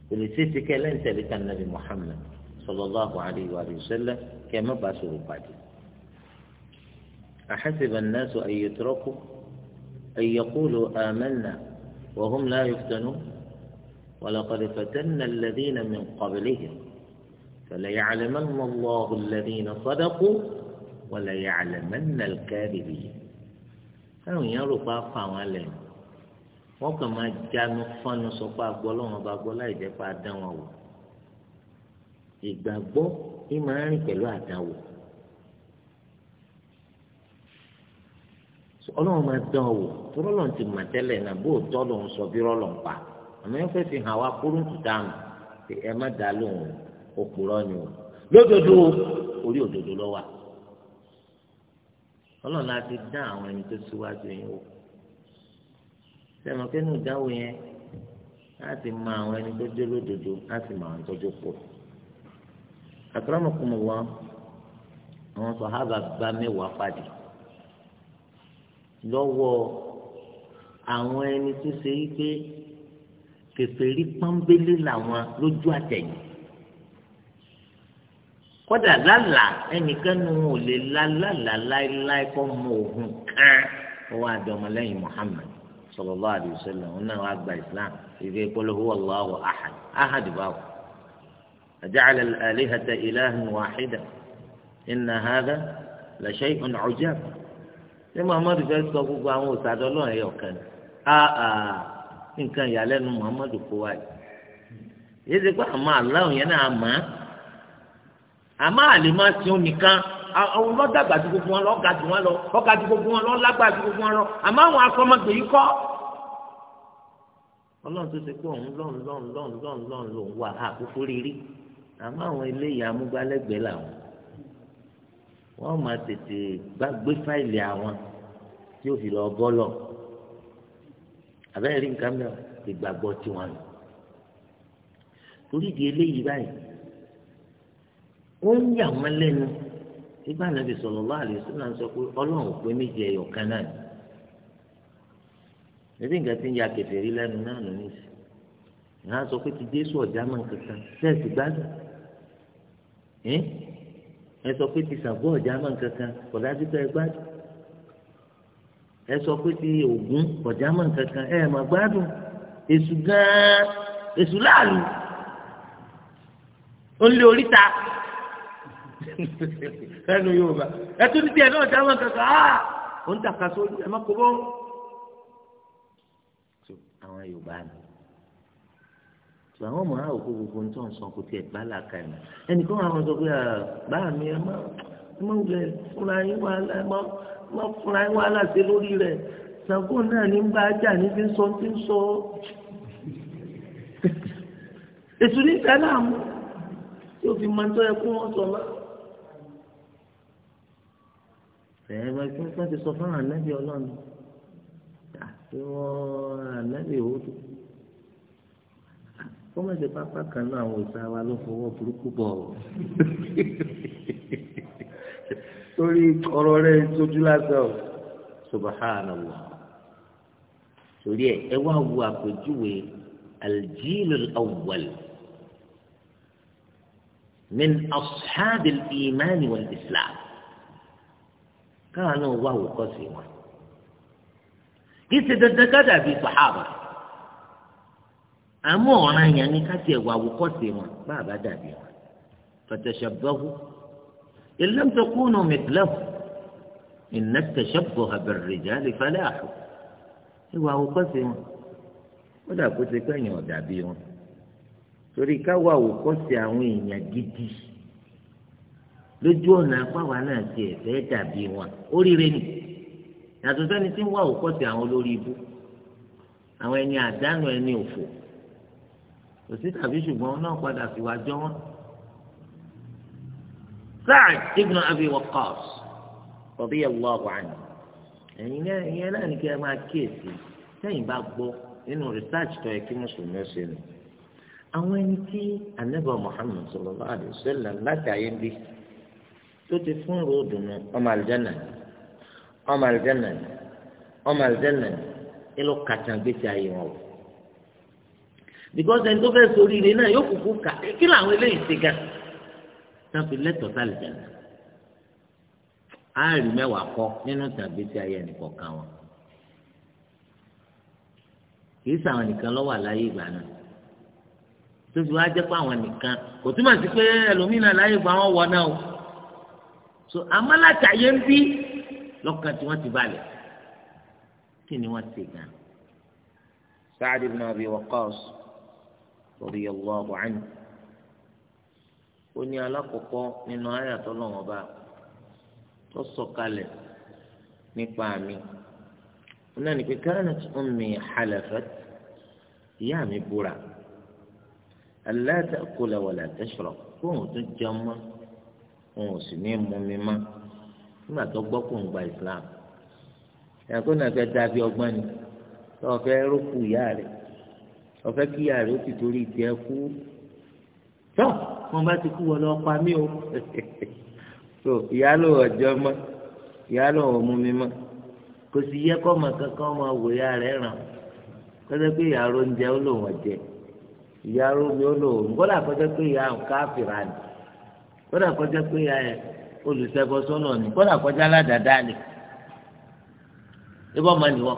kò lè ṣeéṣe kẹ́ lẹ́ńtẹ̀lẹ́ kan nàbì Muhammad صلى الله عليه وآله وسلم كما باسوا بعدي أحسب الناس أن يتركوا أن يقولوا آمنا وهم لا يفتنون ولقد فتنا الذين من قبلهم فليعلمن الله الذين صدقوا وليعلمن الكاذبين àwọn يروا بابا وعليهم وكما جاء alẹ wọn kàn máa jánu fọnù sọ pé ìgbàgbọ́ yìí máa ń pẹ̀lú àdáwò ọlọ́run máa dán ọ wò tọ́lọ́ ti mà tẹ́lẹ̀ náà bó tọ́ lòun sọ bí rọ́lọ̀ pa àmọ́ ẹ fẹ́ fi hàn wá kúrú tuta nù pé ẹ má dá lóhùn òpùrọ́ ni o lódodo orí òdodo lọ wà ọlọ́run náà ti dán àwọn ẹni tó síwájú yẹn ìdáwó yẹn láti akramakumullah àwọn sàhábà gba mẹ́wàá pàdé lọ́wọ́ àwọn ẹni tó ṣe yí pé kèfèrí pọ́nbélé làwọn lójú àtẹ̀yìn kódà lálà ẹnìkan nu ò lè lálàlà láéláé kọ́ mọ òògùn kan ọwọ́ àdọ́mọlẹ́yìn Muhammad sallallahu alaihi wasallam òun náà wàá gba Islam ìgbẹ́ ìpolówó Allahu ahad ahad báwo. أجعل الآلهة إلها واحدا إن هذا لشيء عجاب لما muhammadu fẹ́ sọ gbogbo àwọn òsàdọ́ ọlọ́run ẹ̀yọ̀ kan áà nǹkan ìyàlẹ́nu muhammadu kó wáyé yìí ṣe pé àmọ́ aláwọ̀ yẹn náà mọ̀ àmọ́ àlè máa ṣe òun nìkan àwọn lọ́dàgbà ju gbogbo wọn lọ ọ̀gá ju wọn lọ ọ̀gá ju gbogbo wọn lọ lágbà ju gbogbo wọn lọ àmọ́ àwọn akọ́mọgbè yìí kọ́ ọlọ́run tó ṣe pé òun lọ́n lọ́n lọ́n lọ́n lọ́n lòun wà á kúkú rírí àmọ́ àwọn eléyìí amúgbálẹ́gbẹ̀ẹ́ làwọn wọ́n máa tètè gbàgbé fáìlì àwọn tí ó fi lọ bọ́lọ̀ àbẹ́rẹ́ rí nǹkan mẹ́wàá ìgbàgbọ́ tiwọn nù torí di eléyìí báyìí ó ń yà wọ́n lẹ́nu nígbà nàbì sallallahu alaihi wasallam sọ pé ọlọ́run pé méjì ẹ̀yọ̀ kan náà ni ebi nǹkan ti ń ya kẹfẹ́ rí lẹ́nu náà nù nísì ìhà sọ pé ti Jésù ọ̀já mọ̀ nǹkan kan sẹ́ẹ̀sì gbádùn ẹ sọ pé ti sàgbọ́ ọ̀já máa ń kankan kọ̀dá sí pé ẹ gbádùn ẹ sọ pé ti ògún ọ̀já máa ń kankan ẹ mà gbádùn èṣù gan-an èṣù láàlú ó lé oríta ẹnu yóò bá ẹ tún ní tiẹ̀ náà ọ̀já máa ń kankan áà ó ń tàkasó ẹ má kó bọ́ àwọn Yorùbá ni sọ àwọn ọmọ àwọn òkú gbogbo tó ń sọ kò tiẹ̀ bá làákà ẹ̀ ẹnì kan àwọn sọ pé bá mi ẹ má ẹ má wulẹ̀ fúnra yín wà á má fúnra yín wà á láti lórí rẹ̀ Ṣàngó náà ní bá a jà ní ti ń sọ ti ń sọ èsù ní ìfẹ́ mú tí o fi máa ń tọ́ ẹ kó wọ́n sọ má. Ẹ̀ẹ́ bá kí wọ́n ti sọ fún ànábì ọlọ́run àti wọ́n ànábì òwúrọ̀ kó má ṣe pápá kan náà àwọn òòsàn wa ló fọwọ́ burúkú bọ̀ ọ́ torí ọ̀rọ̀ rẹ̀ sojú lásán subhanallah torí ẹ ẹ wá wo àpèjúwe aljilu awwal min ashabi al wal islam káwọn náà wá wò kọ́ sí wọn kí ṣe dandan ká dàbí sàhábà àmọ́ ọ̀ràn yẹn ni ká tiẹ̀ wà wò kọ́sì wọn bá a bá dàbí wọn fatashabbahu illam takunu mithlahu inna at-tashabbuha bir-rijali falahu ìwà wò kọ́sì wọn ó dà kó ṣe pẹ́yìn ọ̀dà bí wọn torí ká wà wò kọ́sì àwọn èèyàn gidi lójú ọ̀nà apáwa náà ti ẹ̀fẹ́ dàbí wọn oríire ni yàtọ̀ sẹ́ni tí ń wà wò kọ́sì àwọn olórí ibú àwọn ẹni àdánù ẹni òfò kò sí tàbí ṣùgbọ́n náà padà fìwà jọ wọn. Sa'ad ibn Abi Waqqas radiyallahu anhu ẹ̀yin náà ìyẹn náà ní kí ẹ máa kíyèsí sẹ́yìn bá gbọ́ nínú research tó yẹ kí mùsùlùmí ó ṣe nù. àwọn ẹni tí anábà Muhammad sallallahu alaihi wasallam láti ayé bí tó ti fún ròdù nù ọmọ àlùjáná ọmọ àlùjáná ọmọ àlùjáná ẹ lọ kàtàn ayé wọn wò because ẹni tó fẹ́ sórí ire náà yóò kúkú kà kí làwọn eléyìí ṣe gan náà fi lẹ́tọ̀ọ́ sálẹ̀ jẹ̀nà áàrì mẹ́wàá kọ́ nínú tàbí tí ayé ẹnìkan kan wọn kì í sàwọn nìkan lọ́wọ́ àláyé ìgbà náà tó fi wá jẹ́ pé àwọn nìkan kò túmọ̀ sí pé ẹlòmíràn láyé ìgbà wọn wọ náà o so àmọ́ látàyé ń bí lọ́kàn tí wọ́n ti balẹ̀ kí ni wọ́n ti gan. Sa'ad ibn Abi Waqqas radiyallahu anhu ó ní alákọ̀ọ́kọ́ nínú àyà tó lọ́wọ́ bá tó sọ̀kalẹ̀ nípa mi náà ní pé kanat ummi halafat ìyá mi búra alla ta'kula wala tashrab kóhùn tó jẹun mọ́ òun ò sì ní mú mi mọ́ nígbà tó gbọ́ kó ń gba Islam ẹ̀kọ́ náà fẹ́ dábí ọgbọ́n ni tó fẹ́ rókù ìyá rẹ̀ ọ̀fẹ́ kí ìyá rẹ̀ ó ti torí tiẹ̀ kú tó wọn bá ti kú wọn lọ pa mí o so ìyá ló ọjọ́ mọ́ ìyá ló ọmú mi mọ́ kò sì yẹ kọ́ ọmọ kankan ọmọ wò ìyá rẹ̀ ràn kọ́sẹ́ pé ìyá ló ń jẹ ó lòun ọ̀jẹ̀ ìyá ló mi ó lòun kọ́dà kọ́sẹ́ pé ìyá káfíra ni kọ́dà kọ́sẹ́ pé ìyá yẹn olùsẹ́gbọ́sọ́nà ni kọ́dà kọjá aládàáda ni ibà máa nìwọ́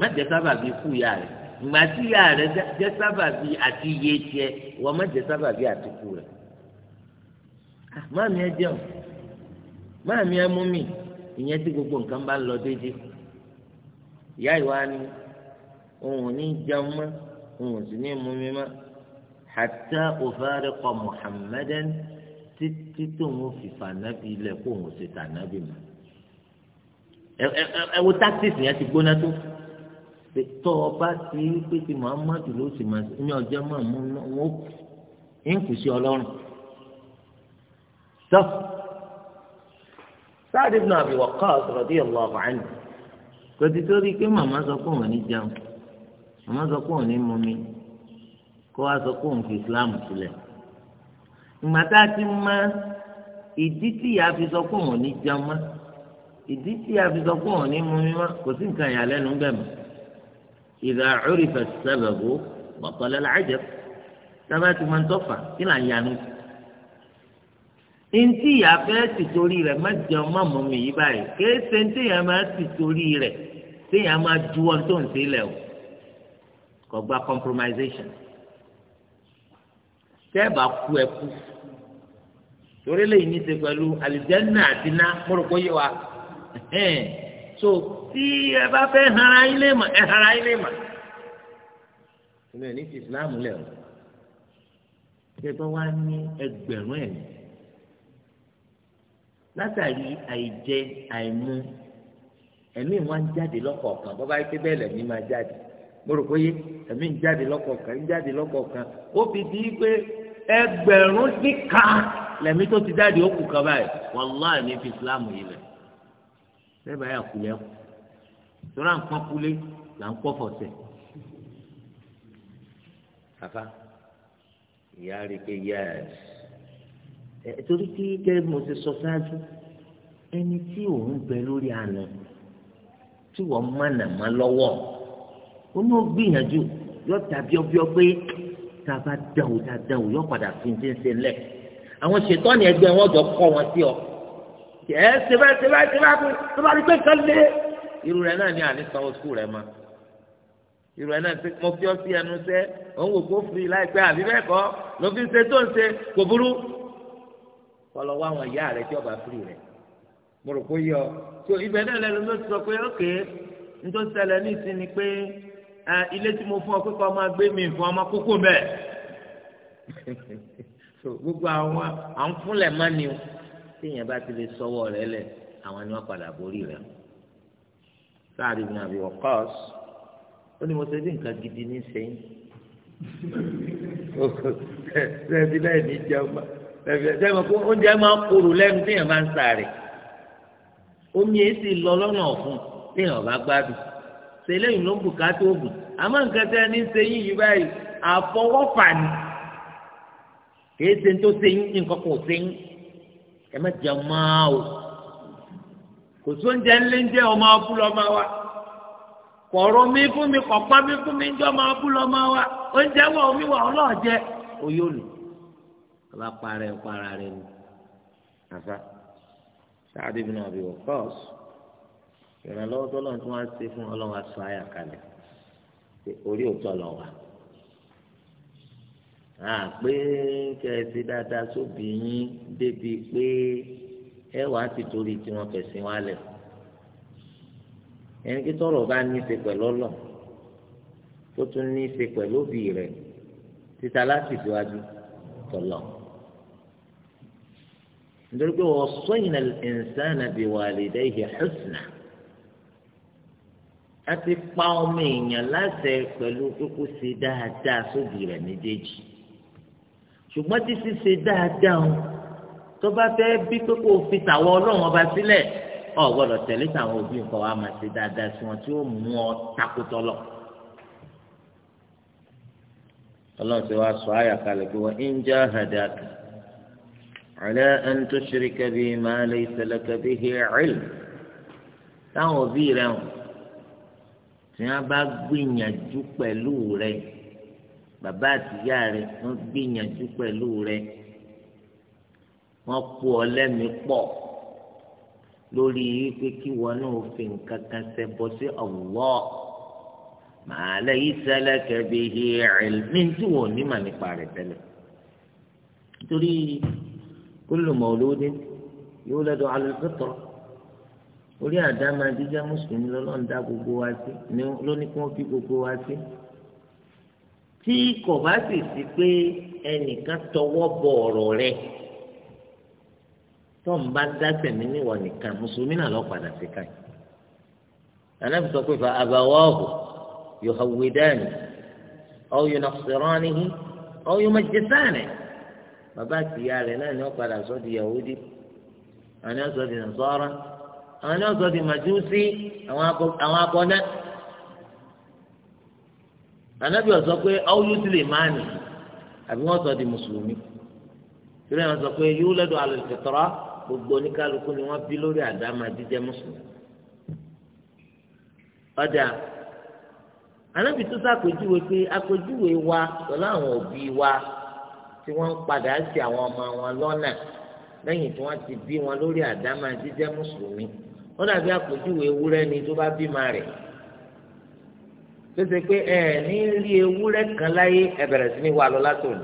mẹ́tẹ̀ẹ́ sábà bíi kú ìyá rẹ̀ ìgbà tí ìyá rẹ jẹ́ sábàbí àti iye tiẹ̀ wọ́n má jẹ́ sábàbí àtìkù rẹ̀ ah, máàmí ẹ jẹun máàmí ẹ mú mi ìyẹn tí gbogbo nǹkan bá ń lọ déédéé ìyá ìwà ni òun ò ní jẹun mọ́ òun ò sì ní mú mi mọ́ hatta ufariqa Muhammadan títí tóun fi fànábì ilẹ̀ kóun ò sì tànábì mọ́ ẹ ẹ ẹ wo táktíìsì yẹn ti gbóná tó tó o bá ti ń pé ti muhammadu ló sì máa ní ọjọ́ máa mú wọn ó ń kù sí ọlọ́run tó Sa'd ibn Abi Waqqas radiyallahu anhu kò ti tó rí i pé màmá sọ pé òun ní jẹun màmá sọ pé òun ní mú mi kó wá sọ pé òun fi islam sílẹ̀ ìgbà tá a ti máa ìdí tí ìyá fi sọ pé òun ní jẹun mọ́ ìdí tí ìyá fi sọ pé òun ní mú mi mọ́ kò sí nǹkan ìyàlẹ́nu bẹ́ẹ̀ mọ́ ìdá ọ̀rìfẹ̀ sẹ́bẹ̀bù bọ̀tọ̀lẹ̀ làájẹ́ sábà tí wọ́n ń tọ́fà kí là ń yanu. ntí ìyá fẹ́ ti torí rẹ̀ má jẹun má mọ̀ mi yí báyìí kéésì ntí ìyá máa ti torí rẹ̀ tí ìyá máa juwọ́ tó ń sílẹ̀ o kò gba compromisation tẹ́ẹ̀bà ku ẹ kú torí lè ní í ṣe pẹ̀lú àlìjẹ́nà àti ná mo rò pé yé wa so tí ẹ bá fẹ́ hara yín lè mà ẹ hara yín lè mà ìlú ẹ̀ ní ti islam lẹ̀ o ṣe bá wá ní ẹgbẹ̀rún ẹ̀ látàrí àìjẹ àìmu ẹ̀mí wọn jáde lọ́kọ̀ọ̀kan bọ́ bá yí pé bẹ́ẹ̀ lẹ̀mí máa jáde mo rò pé ẹ̀mí ń jáde lọ́kọ̀ọ̀kan ń jáde lọ́kọ̀ọ̀kan ó fi di pé ẹgbẹ̀rún dín kan lẹ̀mí tó ti jáde ó kù kan báyìí wàláì ní fi islam yìí lẹ̀ sẹ́ẹ̀bà yà kulẹ̀ kù tora nǹkan kulé là ń kọ́ fọ̀sẹ̀ kàkà ìyá rẹ̀ pé yẹ́ẹ̀sì ẹ̀ torí kí kẹ́ mo ti sọ ṣáájú ẹni tí òun bẹ lórí àná tí wọ́n mánà má lọ́wọ́ ó ní ó gbìyànjú yóò ta bíọ́bíọ́ pé tá a bá dáwò tá a dáwò yóò padà fi ń ṣe ń ṣe lẹ̀ àwọn ṣètọ́ni ẹgbẹ́ wọn jọ kọ́ wọn sí ọ ẹ ṣe bá ṣe bá ṣe bá pé tó bá rí pé kan lé irú rẹ náà ní àní sanwó sukùl rẹ mọ irú ẹ náà ti mọ fi ọsí ẹnu sẹ òun wò kó firi láìpẹ́ àbí bẹ́ẹ̀ kọ́ ló fi ṣe tó ń ṣe kò burú kọlọ wá àwọn ìyá rẹ tí ọba firi rẹ mo rò pé yọ tó ibẹ̀ náà lẹnu ló sọ pé ókè nítorí ṣẹlẹ̀ ní ìsinmi pé ilé tí mo fún ọ pé kọ gbé mi fún ọmọ kókó bẹ́ẹ̀ gbogbo àwọn à ń fúnlẹ̀ mọ́ni o téèyàn bá ti lè sọwọ́ rẹ̀ lẹ̀ àwọn ni wọ́n padà borí rẹ̀ Sa'd ibn Abi Waqqas ó ní mo ṣe bí nǹkan gidi ní sẹ́yìn lẹ́bi láì ní jẹun bá lẹ́bi ẹ̀jẹ̀ mọ̀ pé oúnjẹ máa ń korò lẹ́nu téèyàn máa ń sáré omi èyí sì lọ lọ́nà ọ̀fun téèyàn bá gbádùn ṣe eléyìí ló ń bùkátà oògùn àmọ́ nǹkan tẹ́ ní sẹ́yìn yìí báyìí àfọwọ́fà ni kì í ṣe tó sẹ́yìn nǹkan kò sẹ́yìn ẹ má jẹun máa o kò tó ń jẹ ńlé ń jẹ ọmọ abúlọ máa wá kọ̀ọ̀rọ̀ mi fún mi kọ̀pá mi fún mi ń jọ ọmọ abúlọ máa wá oúnjẹ wà omi wà ọlọ́ọ̀jẹ oyó lò ọba parẹ́ para rẹ ni àfa sáàdì bí náà wọ kọ́ọ̀sì ìrànlọ́wọ́ tó lọ́n tó wá sí fún ọlọ́wà sọ àyà orí òótọ́ lọ wà àpé kẹsì dáadáa sóbì yín débi pé ẹ wàá ti torí tí wọn fẹsìn wá lẹ ẹni kí tọrọ bá ní í ṣe pẹ̀lú ọlọ tó tún ní í ṣe pẹ̀lú òbí rẹ títa láti síwájú tọlọ nítorí pé wọ́n sọ́yìn ẹ̀ǹsán àbí wàlídẹ́ yìí husna a ti pa ọmọ èèyàn láṣẹ pẹ̀lú kókó ṣe dáadáa sóbì rẹ̀ méjèèjì ṣùgbọ́n tí ṣíṣe dáadáa o tó bá fẹ́ bí pé kó o fi tàwọn ọlọ́run ọba sílẹ̀ o gbọ́dọ̀ tẹ̀lé tàwọn òbí nǹkan wa máa ṣe dáadáa sí wọn tí ó mú ọ takotọ́ lọ. ọlọ́run ti wá sọ àyà kalẹ̀ pé wọ́n ń jẹ́ àdàkà ala an tushrika bi ma laysa laka bihi ilm táwọn òbí rẹ̀ hàn tí wọ́n bá gbìyànjú pẹ̀lú rẹ̀ yìí bàbá àtìyá rẹ wọ́n gbìyànjú pẹ̀lú rẹ wọ́n kó ọ lẹ́mìí pọ̀ lórí wípé kí wọn náà fi nǹkan kan ṣẹbọ sí Allah màá lẹ́yìn sẹ́lẹ̀ kẹ́bi hìrì ní tí wọn ò ní mà nípa rẹ̀ tẹ́lẹ̀ nítorí kullu mawludin yuladu ala al-fitra orí àdámá jíjá mùsùlùmí lọ́lọ́run gbogbo wa sí ló kí wọ́n fi gbogbo wa sí tí kò bá sì sí pé ẹnìkan tọwọ́ bọ ọ̀rọ̀ rẹ tó ń bá dáṣẹ̀ mí níwọ̀ nìkan mùsùlùmí náà lọ padà sí ká yìí. Ànábì sọ pé fa abawahu yuhawwidani aw yunassiranihi aw yumajjisanihi bàbá àtìyá rẹ̀ náà ni wọ́n padà sọ di Yahudi àwọn ni wọ́n sọ di Nasara àwọn ni wọ́n sọ di Màjúsí àwọn abọ́ná anabi ọsọ pé ọwọ sílẹ máa nì àbí wọn sọ di mùsùlùmí torí wọn sọ pé yóò lẹdọ alùpùpùtọrọ gbogbo oníkálukú ni wọn bí lórí àdámà jíjẹ mùsùlùmí ọjà anabi tó sàpèjúwe pé àpèjúwe wa pẹ̀lú àwọn òbí wa tí wọn ń padà sí àwọn ọmọ wọn lọ́nà lẹ́yìn tí wọn ti bí wọn lórí àdámà jíjẹ mùsùlùmí ó dàbí àpèjúwe ewúrẹ́ ni tó bá bímọ rẹ̀ tó ṣe pé ẹ ní rí ewúrẹ́ kan láyé ẹ bẹ̀rẹ̀ sí ní wà lọ látòun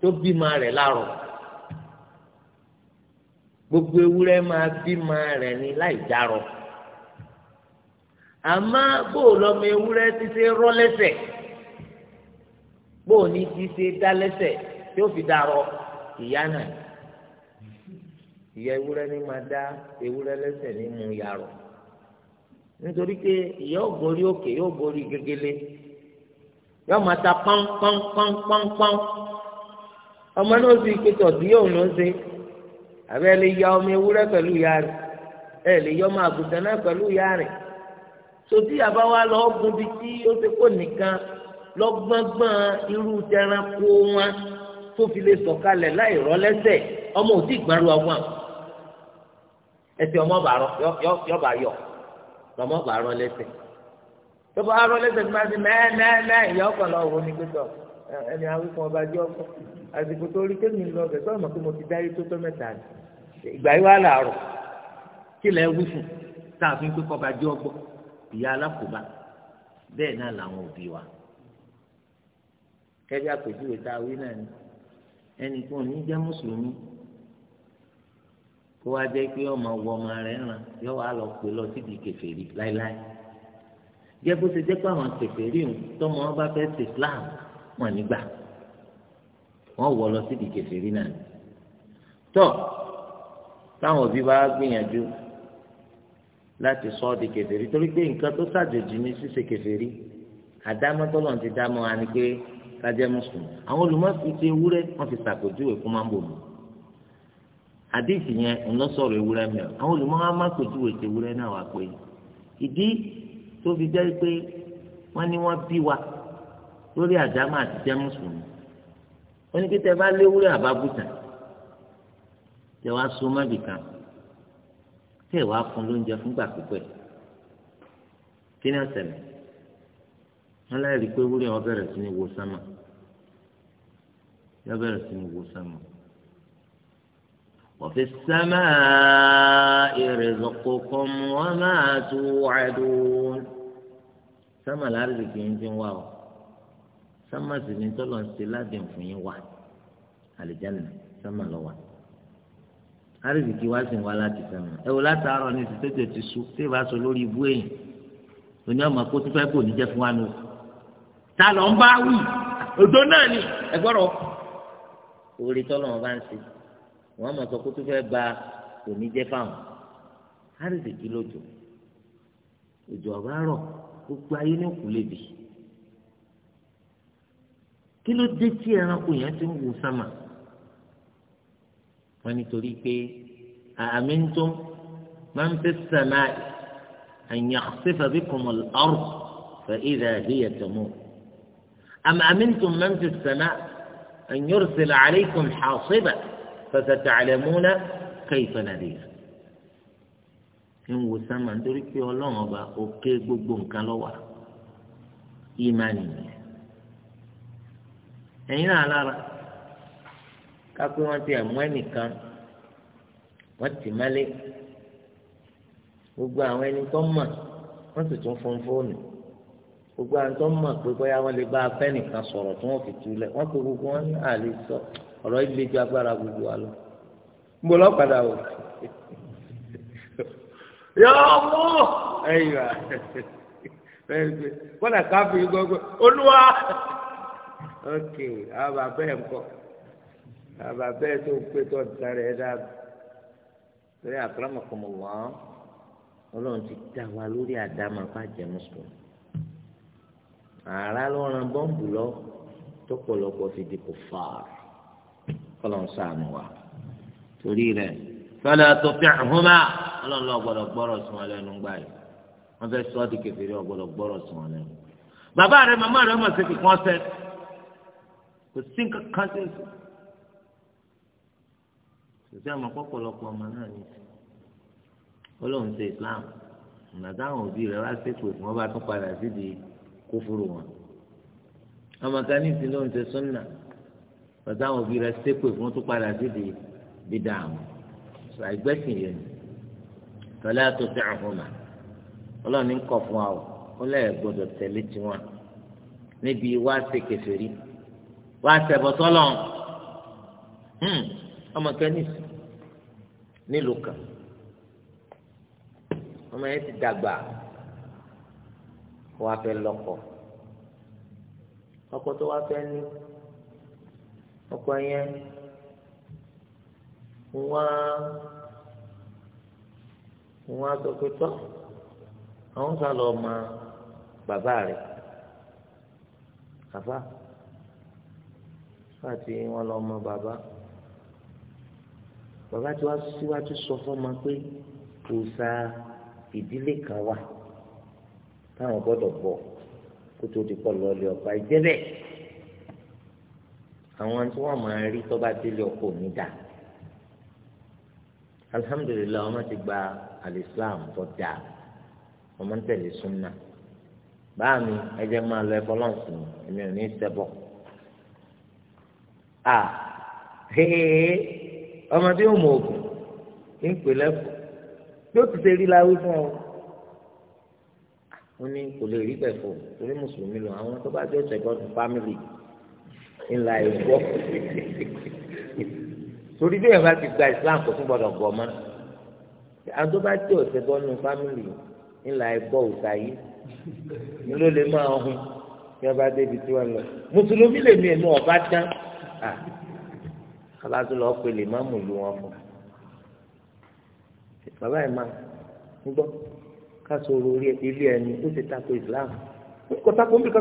tó bímọ rẹ̀ láàrọ̀ gbogbo ewúrẹ́ máa bímọ rẹ̀ ní láì dárọ̀ àmọ́ bó lọ́mọ ewúrẹ́ ti ṣe rọ́ lẹ́sẹ̀ bó ní ti ṣe dá lẹ́sẹ̀ tí ó fi dárọ̀ ìyá náà ìyá ewúrẹ́ ní máa dá ewúrẹ́ lẹ́sẹ̀ ní yàrá nítorí pé ìyá ò gorí òkè yóò gorí gegele yóò máa ta pọ́npọ́npọ́npọ́n ọmọ náà sì pété ọ̀dún yóò ló ń ṣe àbẹ́ lè ya ọmọ ewúrẹ́ pẹ̀lú ìyá rẹ̀ ẹ̀ lè yọ ọmọ àgùntàn náà pẹ̀lú ìyá rẹ̀ sotí àbá wa lọ gun bíi tí ó ti kó nìkan lọ́gbọ́ngbọ́n irú tẹranko wọn tó fi lè sọ̀kalẹ̀ láì rọ́ ọmọ òtí ìgbàlú ọgbọ́n ẹ̀sìn ọmọ bàárọ̀ yọ bá yọ lọ́mọ bá rọ lẹ́sẹ̀ tó bá rọ lẹ́sẹ̀ tó bá ti mẹ́ẹ́ mẹ́ẹ́ mẹ́ẹ́ ìyá ọkọ̀ lọ wò ní pẹ́tọ̀ ẹni awíkan ọba jẹ́ ọkọ̀ àsìkò tó rí kémi lọ bẹ̀ sọ́ọ́ mọ̀ pé mo ti dáyé tó tọ́ mẹ́ta ni ìgbà yìí wà láàárọ̀ kí lẹ́ wí fún táàfin pé kọ́ba jẹ́ ọgbọ́ ìyá alákòóbá bẹ́ẹ̀ náà làwọn òbí wa kẹ́bí àpèjúwe tá a wí náà ni ẹnì kan ò ní jẹ́ mùsùlùmí kó wá jẹ́ pé ọmọ wọ ọmọ rẹ̀ ràn yọ wá lọ pè lọ síbi kèfèrí láéláé jẹ́ bó ṣe jẹ́ pé àwọn kèfèrí ń tọ́mọ wọn bá fẹ́ ṣe Islam wọn nígbà wọn wọ lọ síbi kèfèrí náà tọ́ táwọn òbí bá gbìyànjú láti sọ ọ́ di kèfèrí torí pé nǹkan tó ṣàjòjì ní ṣíṣe kèfèrí àdámọ́tọ́lọ́ ti dámọ́ wa ni pé kájẹ́ mùsùlùmí àwọn olùmọ̀ọ́sì ti ewúrẹ́ wọ́n fi ṣàpèjúwe fún máńbò mi àdéhìí yẹn ńlọsọ̀rọ̀ ewúrẹ́ mi ọ̀ àwọn olùmọ́ á má pèjú wèsì ewúrẹ́ náà wá pé ìdí tó fi jẹ́ pé wọ́n ní wọ́n bí wa lórí àdámà àti jẹ́ mùsùlùmí wọ́n ní pété bá léwúrẹ́ àbábùtà tẹ wá so mọ́bì kan tẹ wá fún lóúnjẹ fúngbà pípẹ́ kí ni ọ̀sẹ̀lẹ̀ wọ́n láì rí pé ewúrẹ́ wọn bẹ̀rẹ̀ sí ní wo sánmà yọ bẹ̀rẹ̀ sí ní wo sánmà. وفي السماء رزقكم وما توعدون سما الأرض كينجين واو سما سنين تلون سلادين فين واحد الجنة سما لوان àrísìkí wá sí wa láti sẹ́mu ẹ wò látàárọ̀ ní ti tètè ti sùn tí ìbá sọ lórí ibú èyàn òní ọmọ kó tó fẹ́ kò ní jẹ́ fún wa nù. ta ló ń bá wì òdo náà ni ẹ gbọ́dọ̀ orí tọ́lọ́ wọn bá ń ṣe wọ́n mọ̀ sọ kótó fẹẹ fẹ́ ba òní jẹ́ fáwọn àrísìkí lójò òjò ọ̀bá rọ̀ gbogbo ayé ní òkú lébi kí ló dé tí ẹranko yẹn ti ń wo sámà wọ́n nítorí pé àmì ń tó máa ń fẹ́ sàmà àyànfẹ́fà bí kọmọ mọ̀ ọ́rùn fẹ́ ìdá àdéhìyà tẹ̀mọ́ àmì àmì ń tó máa ń fẹ́ sàmà أن يرسل عليكم حاصبا فستعلمون كيف نذير ń wo sáma الله pé ọlọ́run ọba òkè gbogbo nǹkan lọ́wọ́ ìmánì nìyẹn ẹ̀yin náà lára kápẹ́ wọ́n ti ẹ̀mú ẹnìkan wọ́n ti mẹ́lẹ́ gbogbo àwọn ẹni tó mọ̀ wọ́n sì tún fún fóònù gbogbo àwọn tó mọ̀ pé bóyá wọ́n lè bá afẹ́nìkan sọ̀rọ̀ tí wọ́n fi túlẹ̀ wọ́n pe gbogbo wọn ní àlè sọ ọ̀rọ̀ yìí lè ju agbára gbogbo wa lọ mo lọ padà wò yọọ mọ ẹyìn wa kọ́dà káfí gbogbo olúwa ok àwọn bàbá ẹ̀ ń kọ́ àwọn bàbá ẹ̀ tó ń pé tó ń darí ẹ̀ dáàbò lórí àkàràmọ̀kọ̀mọ̀ wọ́n ọlọ́run ti dá wa lórí àdámà bàjẹ́ mùsùlùmí ààrá ló ran bọ́ǹbù lọ tó pọ̀lọpọ̀ fi kò fà á kọlọ́n sànù wa torí rẹ̀ fẹlẹ tó fi hùmà ọlọ́run lọ gbọ́dọ̀ gbọ́rọ̀ sùn wọn lẹ́nu gbà yìí wọn fẹẹ sọ di kẹfìrí ọ gbọ́dọ̀ gbọ́rọ̀ sùn wọn lẹ́nu. bàbá rẹ̀ màmá rẹ̀ ọmọ sẹkì kan sẹ kò sí nǹkan sí ẹsẹ ṣùgbọ́n àwọn ọ̀pọ̀lọpọ̀ ọmọ náà ní ti ọlọ́run ṣe islam ọ̀nà táwọn òbí rẹ̀ wá ṣépè tí wọ́n bá tún padà sídìí kófúrú wọn. ọmọ kan ní ìsìn ló ṣe sunna pàtó àwọn òbí rẹ ṣépè fún tó padà síbi dídá àwọn àìgbẹ́sìn yẹn tọ́lá tó tẹ àfọ̀mà ọlọ́ọ̀ni ń kọ̀ fún wa o gbọ́dọ̀ tẹ̀lé tiwọn níbi wá ṣe kẹfẹ́rí wá ṣẹ̀bọ̀ sọ́lọ̀ hmm, ọmọ kẹ́nìsì nílùú kan ọmọ yẹn ti dàgbà wọ́n á fẹ́ lọ́kọ ọkọ tó wá fẹ́ ní ọkọ yẹn wọn wọn sọ pé tọ àwọn sá lọ ma bàbá rẹ bàbá láti wọn lọ ma bàbá bàbá tí wọn síwájú sọ fún ọmọ pé òòṣà ìdílé kan wà táwọn gbọ́dọ̀ bọ kó tó di pọ lọlẹ ọpa ìjẹbẹ àwọn tí wọ́n máa rí tó bá délé ọkọ mi dà alhamdulilayi ọmọ ti gba alislam tó dà ọmọ ń tẹ̀lé súnà báà mi ẹjẹ máa lọ ẹbọ lọ́n sùn èmi ò ní í ṣẹbọ à hee ọmọ tí ó mọ òògùn ń pè lẹ́kọ̀ọ́ bí ti ṣe rí láwí fún ọ ó ní kò lè rí bẹ̀ fò torí mùsùlùmí lọ àwọn tó bá jẹ́ ṣẹbọ fún fámìlì ńlá ìgbọ́ torí bí ẹ̀fà ti gba islam kò tún gbọdọ̀ gbọ́ mọ́ àwọn tó bá tẹ ọ̀sẹ̀ bọ́ nínú fámìlì ńlá ìgbọ́ òòsà yìí ni ló lè máa hun tí wọ́n bá débi tí wọ́n lọ mùsùlùmí lè mi ẹ̀nu ọ̀bá dán alátúlọ̀ ọ̀pẹ̀lẹ̀ má mú ìlú wọn fún bàbá ẹ̀ máa ń gbọ́ kásòrò orí ilé ẹni ó ti tako islam kò tako bí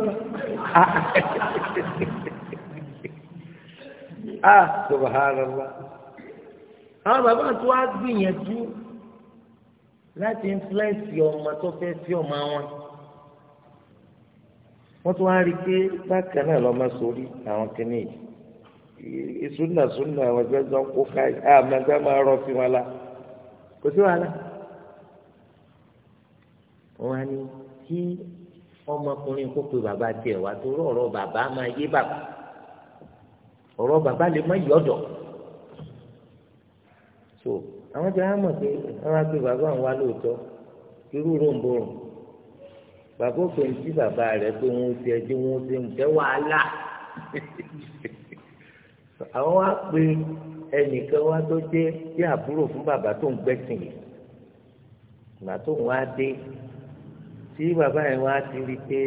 ah subhanallah àwọn bàbá tó wá gbìyànjú láti influence ọmọ tó fẹ́ fi ọmọ wọn wọ́n tún wá rí i pé bákan náà lọ́mọ sórí àwọn kìnìún yìí sunna sunna àwọn ẹgbẹ́ tó ń kó káyì àmọ́ ẹgbẹ́ máa rọ sí wọn la kò sí wàhálà wọ́n á ní kí ọmọkùnrin kó pe bàbá tiẹ̀ wá tó rọ̀rọ̀ bàbá máa yé bàbá ọ̀rọ̀ bàbá lè má yọ̀dọ̀ so àwọn tí wọ́n mọ̀ pé wọ́n á gbé bàbá wọn wá lóòótọ́ irú ròǹbòrùn bàbá òkè ń tí bàbá rẹ̀ pé wọ́n ti ẹjọ́ wọ́n ti ń jẹ́ wàhálà àwọn wá pé ẹnìkan wá tó dé bí àbúrò fún bàbá tó ń gbẹ́sìn yìí ìgbà tó ń wá dé tí bàbá yẹn wá ti rí pé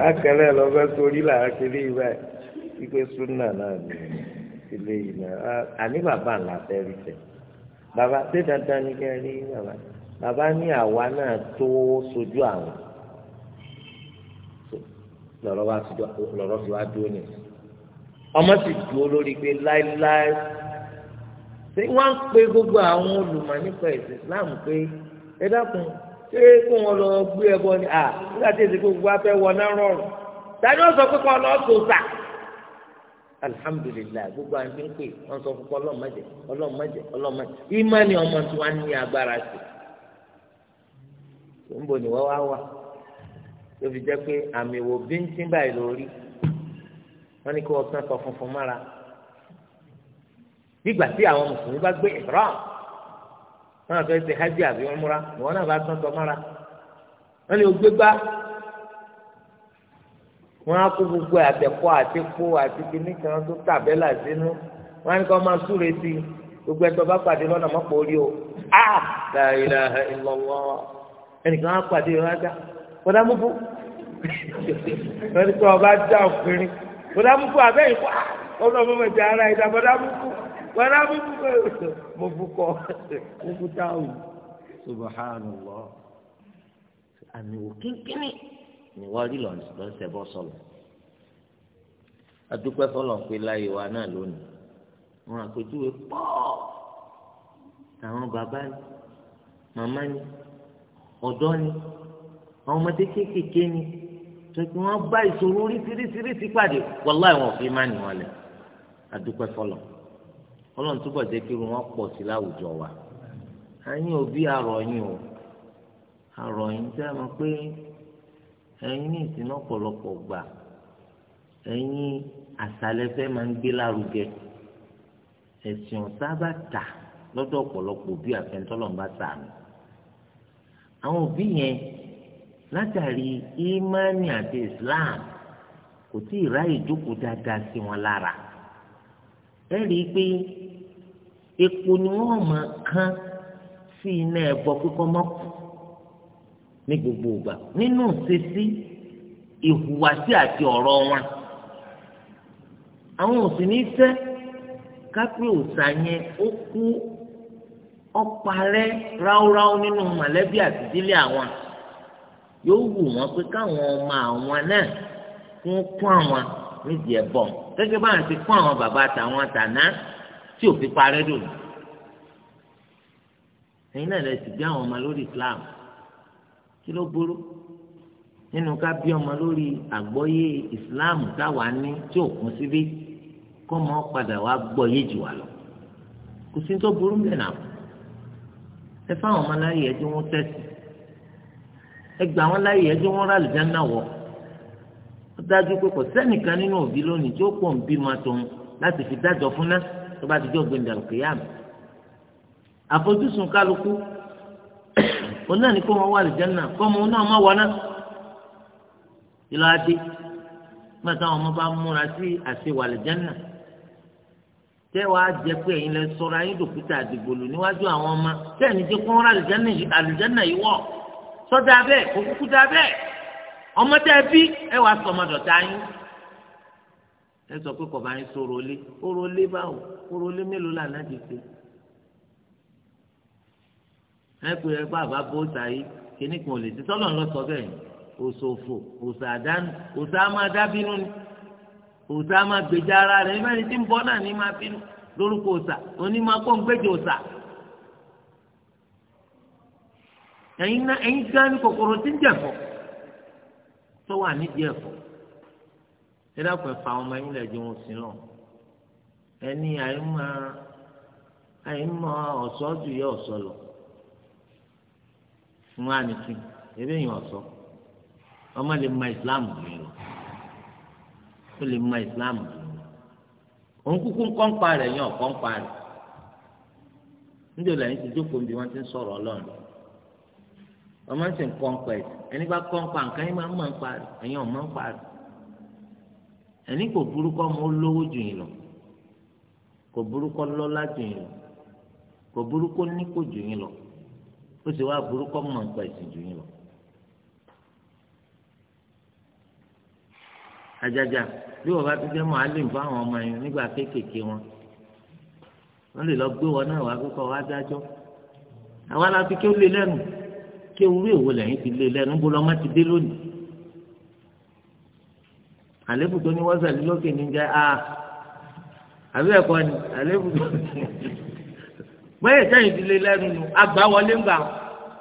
wá kẹlẹ́ lọ́gbẹ́ sórí làá kiri báyìí wípé súnà náà ní ilé yìí náà àní bàbá ńlá fẹ́ rí tẹ̀ bàbá ṣé dandan ní kẹ́ rí bàbá bàbá ní àwa náà tó sojú àwọn lọ́rọ́ fi wá dúró ní ọmọ sì dúró lórí pé láéláé ṣé wọ́n ń pe gbogbo àwọn olùmọ̀ nípa ẹ̀sìn Islam pé ẹ dákun ṣé kó wọn lọ gbé ẹbọ ni à nígbà tí èsì gbogbo wa fẹ́ wọ náà rọrùn tani ó sọ pé kó lọ sòsà alihamudulilayi gbogbo àwọn tí ń pè wọn sọ fún ọlọmọdé ọlọmọdé ọlọmọdé ìmọ̀ni ọmọ tí wọ́n á ní agbára sí i níbo ni wọ́n wá wà tó fi jẹ́ pé àmì wò bíntín báyìí lórí wọ́n ní kí wọ́n tán sọ funfun mára nígbà tí àwọn mùsùlùmí bá gbé ìrọ̀m wọn àfẹ́ ṣe hajj àbí wọn múra ìwọ náà bá tán sọ mára wọ́n ní o gbégbá wọ́n á kó gbogbo àtẹ̀kọ́ àtẹ̀kọ́ àti kìnnì kan tó tàbẹ́là sínú wọ́n á ní kó máa súre sí gbogbo ẹ̀tọ́ bá pàdé lọ́nà mọ́pọ̀ orí o a la ilaha illallah ẹnìkan á pàdé yọ ajá kódà mú fún wọ́n ní kó ọba já òfin kódà mú fún abẹ́yìn kó a ọlọ́ mọ́ mẹ́ta ara ẹ̀dá kódà mú kódà mú fún mo fún kọ́ mo fún táwọn àmì wò ni wọ́n rí lọ́sẹ̀ bọ́ sọ̀rọ̀ adúpẹ́ fọlọ́n pé láyé wa náà lónìí wọn àpèjúwe pọ̀ àwọn bàbá ni màmá ni ọ̀dọ́ ni àwọn ọmọdé kéékèèké ni tuntun wọn bá ìṣòro oríṣiríṣiríṣi pàdé wàláì wọn fi má nìwọ̀n lẹ̀ adúpẹ́ fọlọ́n fọlọ́n túbọ̀ jẹ́ kí wọn pọ̀ sí láwùjọ wa àyìn òbí àròyìn o àròyìn tẹ́ ẹ mọ̀ pé ẹ̀yin ní ìsìn ọ̀pọ̀lọpọ̀ gbà ẹ̀yin àṣàlẹfẹ máa ń gbé lárugẹ ẹ̀sìn ọ̀tá bá tà lọ́dọ̀ ọ̀pọ̀lọpọ̀ bí àfẹnutọ́lọ̀ ń bá tà mí àwọn òbí yẹn látàrí ìmánì àti islam kò tí ì ráyè jókòó dáadáa sí wọn lára ẹ rí i pé epo ni wọ́n máa kán sí iná ẹbọ kíkọ mọkù ní gbogbo ìgbà nínú ìṣesí ìhùwàsí àti ọ̀rọ̀ wọn àwọn òsì ní fẹ́ kápẹ́ òòsà yẹn ó kú ọparẹ́ ráúráú nínú mọ̀lẹ́bí àtìdílé àwọn yóò wù wọ́n pé káwọn ọmọ àwọn náà kún kún àwọn nídìí ẹ̀bọ̀ gẹ́gẹ́ báwọn ti kún àwọn bàbá àtàwọn tàná tí ò fi parẹ́ dòdò ẹ̀yin náà lè sì gbé àwọn ọmọ lórí Islam kí ló burú nínú ká bí ọmọ lórí àgbọ́yé ìsìláàmù táwa ní tí ò kún síbí kọ́ mọ́ padà wá gbọ́yé jù wá lọ kò sí tó burú mẹ́rin àpò ẹ fáwọn ọmọ láyé ẹ tí wọ́n tẹ̀sí ẹ gbà wọ́n láyé ẹ tí wọ́n rà lùjáná wọ̀ ó dájú pé kò sẹ́nìkan nínú òbí lónìí tí ó pọ̀ ń bí ma tó láti fi dájọ́ fún náà tó bá ti jọ́ gbẹ̀ndàlùkìyàmù àfojúsùn kálukú òun náà ní kó wọn wà àlùjánnà kó ọmọ òun náà má wọ náà ìlọ adé nígbà táwọn ọmọ bá múra sí àṣewà àlùjánnà tẹ wàá jẹ pé ẹ̀yin lẹ sọra yín dòkítà àdìgbòlù níwájú àwọn ọmọ tẹni jẹ kó wọn rà àlùjánnà yìí wọ sọdọ abẹ òkúkú dá bẹ́ẹ̀ ọmọ tẹ bí ẹ wàá sọ ọmọ dọ̀tá yín ẹ sọ pé kọba yín sọ̀rọ̀ lé ọ̀rọ̀ lé báwo ọ̀rọ̀ lé mélòó ẹ pé ẹ bá bá bó sàyí kíní kan ò lè ti sọ́lọ́ lọ sọ bẹ́ẹ̀ òṣòfò òṣàdánù òṣàmà dábínú ni òṣàmà gbèjà ara rẹ̀ nígbà tí ń bọ́ náà ní máa bínú lórúkọ òṣà onímọ̀ akọ́ǹgbèjì òṣà. ẹ̀yin náà ẹ̀yin gan ni kòkòrò ti ń jẹ̀fọ́ tó wà nídìí ẹ̀fọ́ ẹ dákun ẹ̀fà ọmọ ẹ̀yin lẹ́jọ́ wọn sí lọ ẹni àyè máa àyè máa ọ̀ṣọ́ ju yẹ ọ̀ṣọ́ lọ mú àníkí eré yìí ọ̀sọ́ ọmọ lè ma islam dùn yìí ó lè ma islam dùn yìí òun kúkú ń kọ́ńpa rẹ̀ yẹn ọ̀kọ́ńpa rẹ̀ níjọ́ lẹ́yìn ti jókòó bí wọ́n ti ń sọ̀rọ̀ ọlọ́run ọmọ ń sìn kọ́ńpa ẹ̀ ẹni bá kọ́ńpa nǹkan yín máa ń máa ń pa rẹ̀ ẹ̀yin ọ̀mọ́ ń pa rẹ̀ ẹni kò burúkọ mọ olówó jù yìí lọ kò burúkọ lọ́lá jù yìí lọ kò burúkọ nípò jù yìí lọ ó sì wá burúkọ mọ̀ nípa ìsìnjú yín lọ. àjàjà bí wọn bá ti jẹ́ mọ̀álìm fáwọn ọmọ yẹn nígbà kéékèèké wọn wọn lè lọ gbé wọn náà wá kókó wá dájọ́ àwa la fi kí ó lé lẹ́nu kí ewúrẹ́ èwo lẹ́yìn ti lé lẹ́nu bó lọ́mọ ti dé lónìí àlébù tó ní wọ́sàlì lókè ní jẹ́ a ah, àbí ẹ̀kọ́ ni àlébù tó ní. bẹ́ẹ̀ sẹ́yìn ti lé lẹ́nu nù àgbà wọlé ń gbà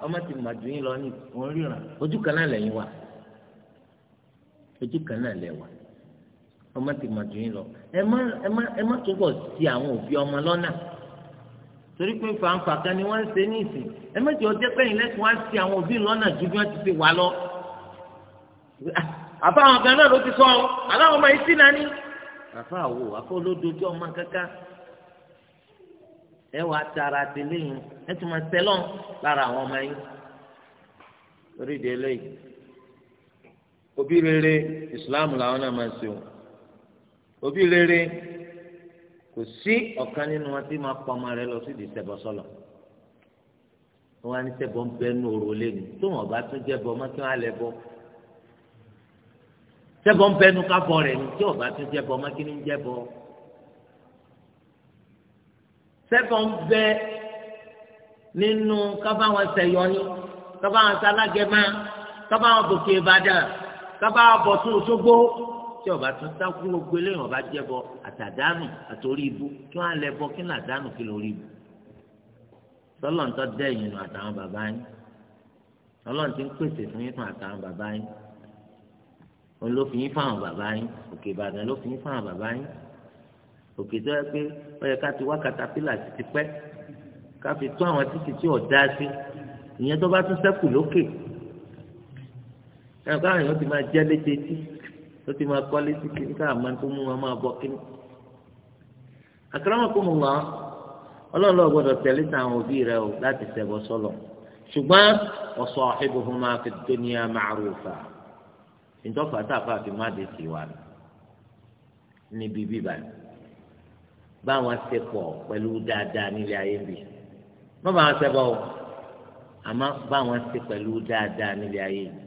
ọmọ ti mà yín lọ ní òun ríran ojú kan náà lẹ́yìn wa ojú kan náà lẹ́ ọmọ ti mà yín lọ ẹ má ẹ má ẹ má túbọ̀ sí àwọn òbí ọmọ lọ́nà torí pé fàǹfà kan ni wọ́n ń ṣe ní ìsìn ẹ má jẹ́ ọjọ́ pẹ́yìn lẹ́sìn wá ju bí wọ́n ti fi ẹ wàá tara tẹlẹyìn ẹ tún máa tẹ lọ́n lára àwọn ọmọ yín lórí ìdè eléyìí òbí rere ìsìláàmù làwọn náà máa ń ṣe o òbí rere kò sí ọ̀kan nínú wọn tí máa pa ọmọ rẹ lọ sí ìdí sẹbọ sọlọ wọn á ní sẹbọ ń bẹ nù òrò lẹnu tó wọn bá tún jẹ bọ mọtí wọn á lẹ bọ sẹbọ ń bẹ nù kábọ rẹ ní tí wọn bá tún jẹ bọ mọtí ní jẹ bọ sẹ́kọ̀ọ́ ń bẹ nínú kábàwọn sẹ̀yọ ni kábàwọn sálágẹ́má kábàwọn bòkè ìbàdàn kábàwọn bọ̀tún òṣogbo tí ọba tún sákú gbogbo eléyìí ọba jẹ́bọ àtàdánù àtòrí ibú kí wọ́n á lẹ bọ kí ní àdánù kí lórí ibú tọ́lọ́ntọ́ dẹ́yìn nù àtàwọn bàbá yín ọlọ́run ti ń pèsè fún yín fún àtàwọn bàbá yín òun ló fi yín fún bàbá yín òkè ìbàdàn ló fi yín fún bàbá yín òkè tó yẹ pé ó yẹ ká ti wá katapila sí ti pẹ́ ká fi tó àwọn títì tí ò dá sí ìyẹn tó bá tún sẹ́kù lókè ẹnì káwọn èèyàn ti máa jẹ́ létetí ó ti máa kọ́ létí kí ní àmọ́ tó mú wọn máa bọ́ kí ní. akramakumullah ọlọ́run lọ́ọ́ gbọ́dọ̀ tẹ̀lé táwọn òbí rẹ o láti tẹ̀bọ sọ́lọ̀ ṣùgbọ́n wa sahibuhuma fid dunya ma'rufa ìjọba tá a fà fi má bá wọn ṣe pọ̀ pẹ̀lú dáadáa nílé ayé bì má bá wọn ṣe bọ̀ àmọ́ bá wọn ṣe pẹ̀lú dáadáa nílé ayé bì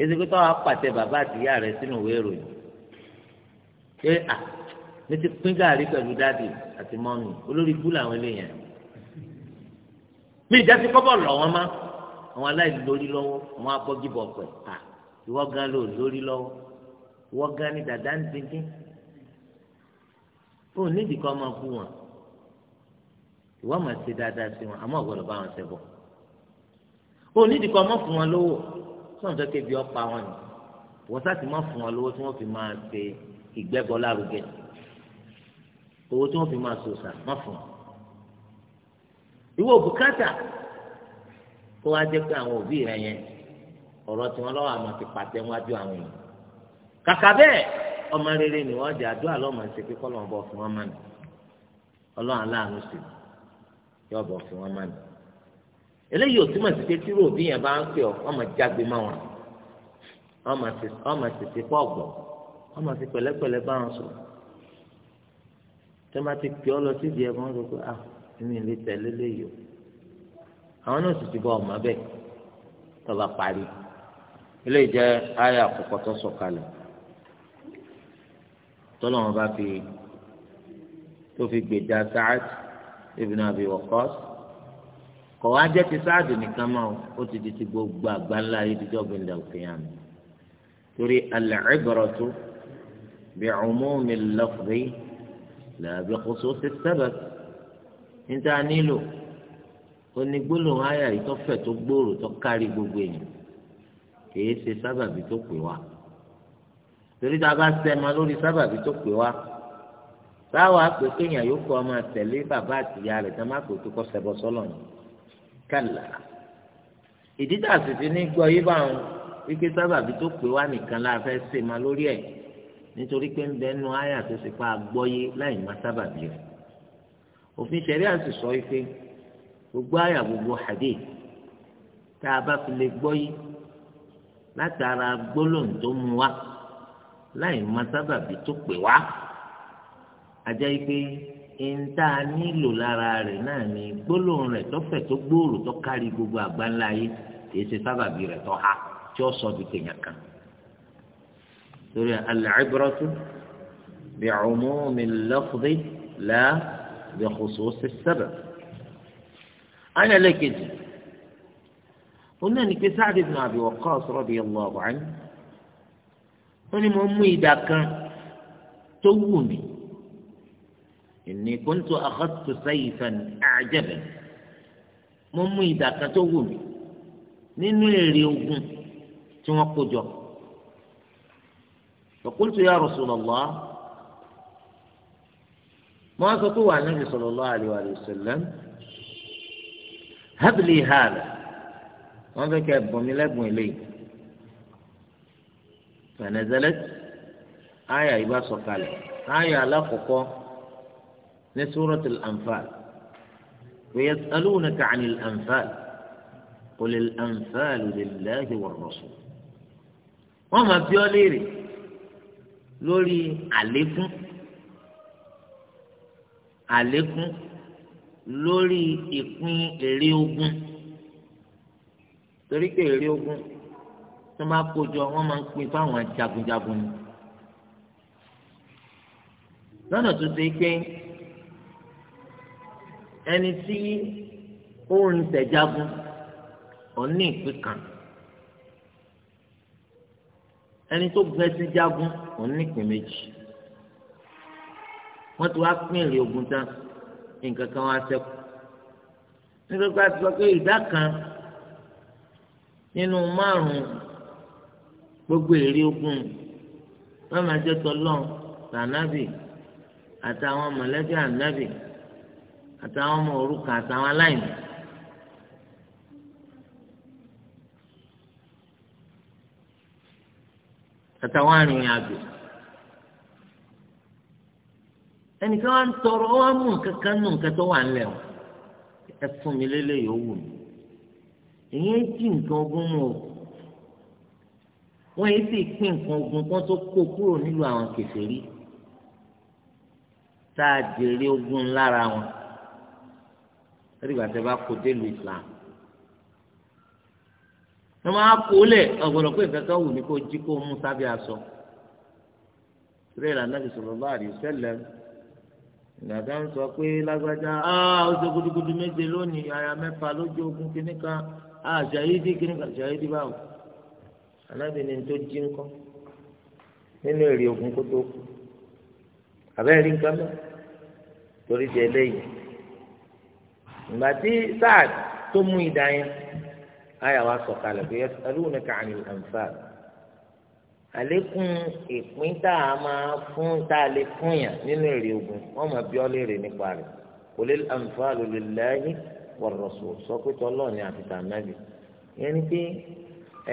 ezigbo tó wàá pàtẹ bàbá àtìyá rẹ sínú ìwé ìròyìn ṣé à mi ti pín gàrí pẹ̀lú dáàdì àti mọ́mì olórí ikú làwọn eléyàn mi ìjà ti kọ́bọ̀ lọ̀ wọ́n má àwọn aláìní lórí lọ́wọ́ àwọn abọ́gibọ̀ pẹ̀ à ìwọ gan ló lórí lọ́wọ́ ìwọ gan ni dàda ń dín dín ó nídìí kan máa bú wọn ìwọ máa ṣe dáadáa sí wọn àmọ́ ọ̀gbọ́dọ̀ bá wọn ṣe bọ̀ ó nídìí kan máa fún wọn lówó sọ̀rọ̀ tó kébi ọ̀pá wọn ni wọ́n sáà ti máa fún wọn lówó tí wọ́n fi máa ṣe ìgbẹ́bọ lárugẹ owó tí wọ́n fi máa ṣòṣà máa fún wọn ìwọ òbúkátà kó wá jẹ́ pé àwọn òbí rẹ yẹn ọ̀rọ̀ tí wọ́n lọ́wọ́ àmọ́ ti pàtẹ́ wájú àwọn èèyàn kàkà bẹ́ẹ̀ ọmọ rere ni wọ́n jẹ́ àdúrà lọ́mọ ṣe pé kọ́ lọ́mọ bọ̀ fún wọn mọ́ni ọlọ́run aláàánú sí yọ bọ̀ fún wọn mọ́ni. eléyìí ò túmọ̀ sí pé tí ròbí yẹn bá ń pè ọ́ ọmọ jágbe mọ́ wọn ọmọ tètè pọ̀ gbọ́ ọmọ ti pẹ̀lẹ́pẹ̀lẹ́ bá wọn sọ̀rọ̀ tẹ́lẹ̀ ti pè ọ́ lọ síbi ẹ̀ wọ́n sọ pé ah mi lè tẹ̀lé léyìí o àwọn náà sì ti bọ́ ọmọ bẹ́ẹ̀ tọ́ba parí eléyìí jẹ́ ayé àkọ́kọ́ tó sọ̀kalẹ̀ tọ́lọ́wọ́n bá fi tó fi gbèjà Sa'ad ibn Abi Waqqas kọ̀ wá jẹ́ ti Sa'ad nìkan mọ́ ó ti di ti gbogbo àgbáńlá yìí ti jọ́gbìn dàlùkìyàn torí al-ibratu bi'umumi al-lafzi la bi khususi as-sabab níta nílò onígbólóhùn ayà yìí tó gbòòrò tó kárí gbogbo èèyàn kì í ṣe sábàbí tó pè wá torí tá a bá sẹ́mọ lórí sábàbí tó pè wá táwa pé kéèyàn yòókù ọmọ tẹ̀lé bàbá àtìyá rẹ̀ tá má pè tó kọ́ sẹ́bọ sọ́lọ̀ ni kàlà ìdí tá a sì fi ní gbọ́ yí báwọn wípé sábàbí tó pè wá nìkan la fẹ́ sẹ́mọ lórí ẹ̀ nítorí pé ń bẹ nu àyà tó sì pa àgbọ́yé láì má sábàbí rẹ̀ òfin ṣẹ̀rí àti sọ ife gbogbo àyà gbogbo hadith tá a bá fi lè gbọ́ yí látara gbólóhùn tó mu wá láì má sábàbí tó pè wá ajá yìí pé ìta nílò lára rẹ̀ náà ni gbólóhùn rẹ̀ tọ́fẹ̀ tó gbòòrò tó kárí gbogbo àgbáńlá yìí kì í ṣe sábàbí rẹ̀ tó ha tí ó sọ di kéèyàn kan torí al-ibratu bi'umumi al-lafzi la bi khususi as-sabab ayẹlẹ kejì ó náà ní pé Sa'd ibn Abi Waqqas radiyallahu anhu ó ní mo mú ìdá kan tó wù mí ìní kóńtò àkọ́tù sayfan àjẹbẹ mo mú ìdá kan tó wù mí nínú èrè ogun tí wọ́n kó jọ faqultu ya Rasulullah mo sọ pé wà Nabi sallallahu alaihi wa sallam habli hàlẹ wọ́n fẹ́ kẹ́ bùnmi lẹ́bùn eléyìí. فنزلت آية يبقى سقال آية لا من سورة الأنفال ويسألونك عن الأنفال قل الأنفال لله والرسول وما في بيوليري لولي عليكم عليكم لولي ìpín èrè ogun torí pé èrè tó máa kójọ wọn máa ń pín fáwọn jagunjagun ni lọ́nà tó ṣe pé ẹni tí ó ń tẹ̀jagun òun ní ìpín kan ẹni tó gbẹ́sí jagun òun ní ìpín méjì wọ́n ti wá pín èrè ogun tán nǹkan kan wá ṣẹ́kù nítorí pé sọ pé ìdá kan nínú márùn-ún gbogbo èrè ogun wọn máa jẹ tọlọ́n tànàbì àtàwọn mọ̀lẹ́bí ànábì àtàwọn ọmọ òrukàn àtàwọn aláìní. àtàwọn arìnrìn àjò ẹnìkan wá ń tọrọ ó wá mú nǹkan kan nù nǹkan tó wà ńlẹ̀ o ẹ fún mi lélẹ̀ yóò wù mí èyí ń jí nǹkan ogún mú o wọ́n yìí sì pín nǹkan ogun kan tó kó kúrò nílùú àwọn kèfèrí tá a jèrè ogun lára wọn lórí ìgbà tẹ́ bá kó délùú Islam wọ́n máa kó lẹ̀ ọ̀gbọ̀dọ̀ pé nǹkan kan wù ní kó jí kó mú sábẹ́ aṣọ sórí ìlànà Ànábì sallallahu alaihi wasallam ìgbà tá à ń sọ pé lágbájá ó ṣe gudugudu méje lónìí aya mẹ́fà lójú ogun kìnnìkan àṣàyídí kìnnìkan àṣàyídí báwo anábì ni tó jí ńkọ́ nínú èrè ogun kó tó kú àbẹ́rẹ́ rí nǹkan mọ́ torí di eléyìí ìgbà tí Saad tó mú ìdá yẹn ayà wa sọ̀kalẹ̀ pé yas'alunaka 'anil anfal àlékún ìpín tá a máa fún tá a lè fún yàn nínú èrè ogun wọ́n máa bí ọ́ léèrè nípa rẹ̀ qulil anfalu lillahi war rasul sọ pé tọ́lọ́ọ̀ ni àti tànàbì yẹn ni pé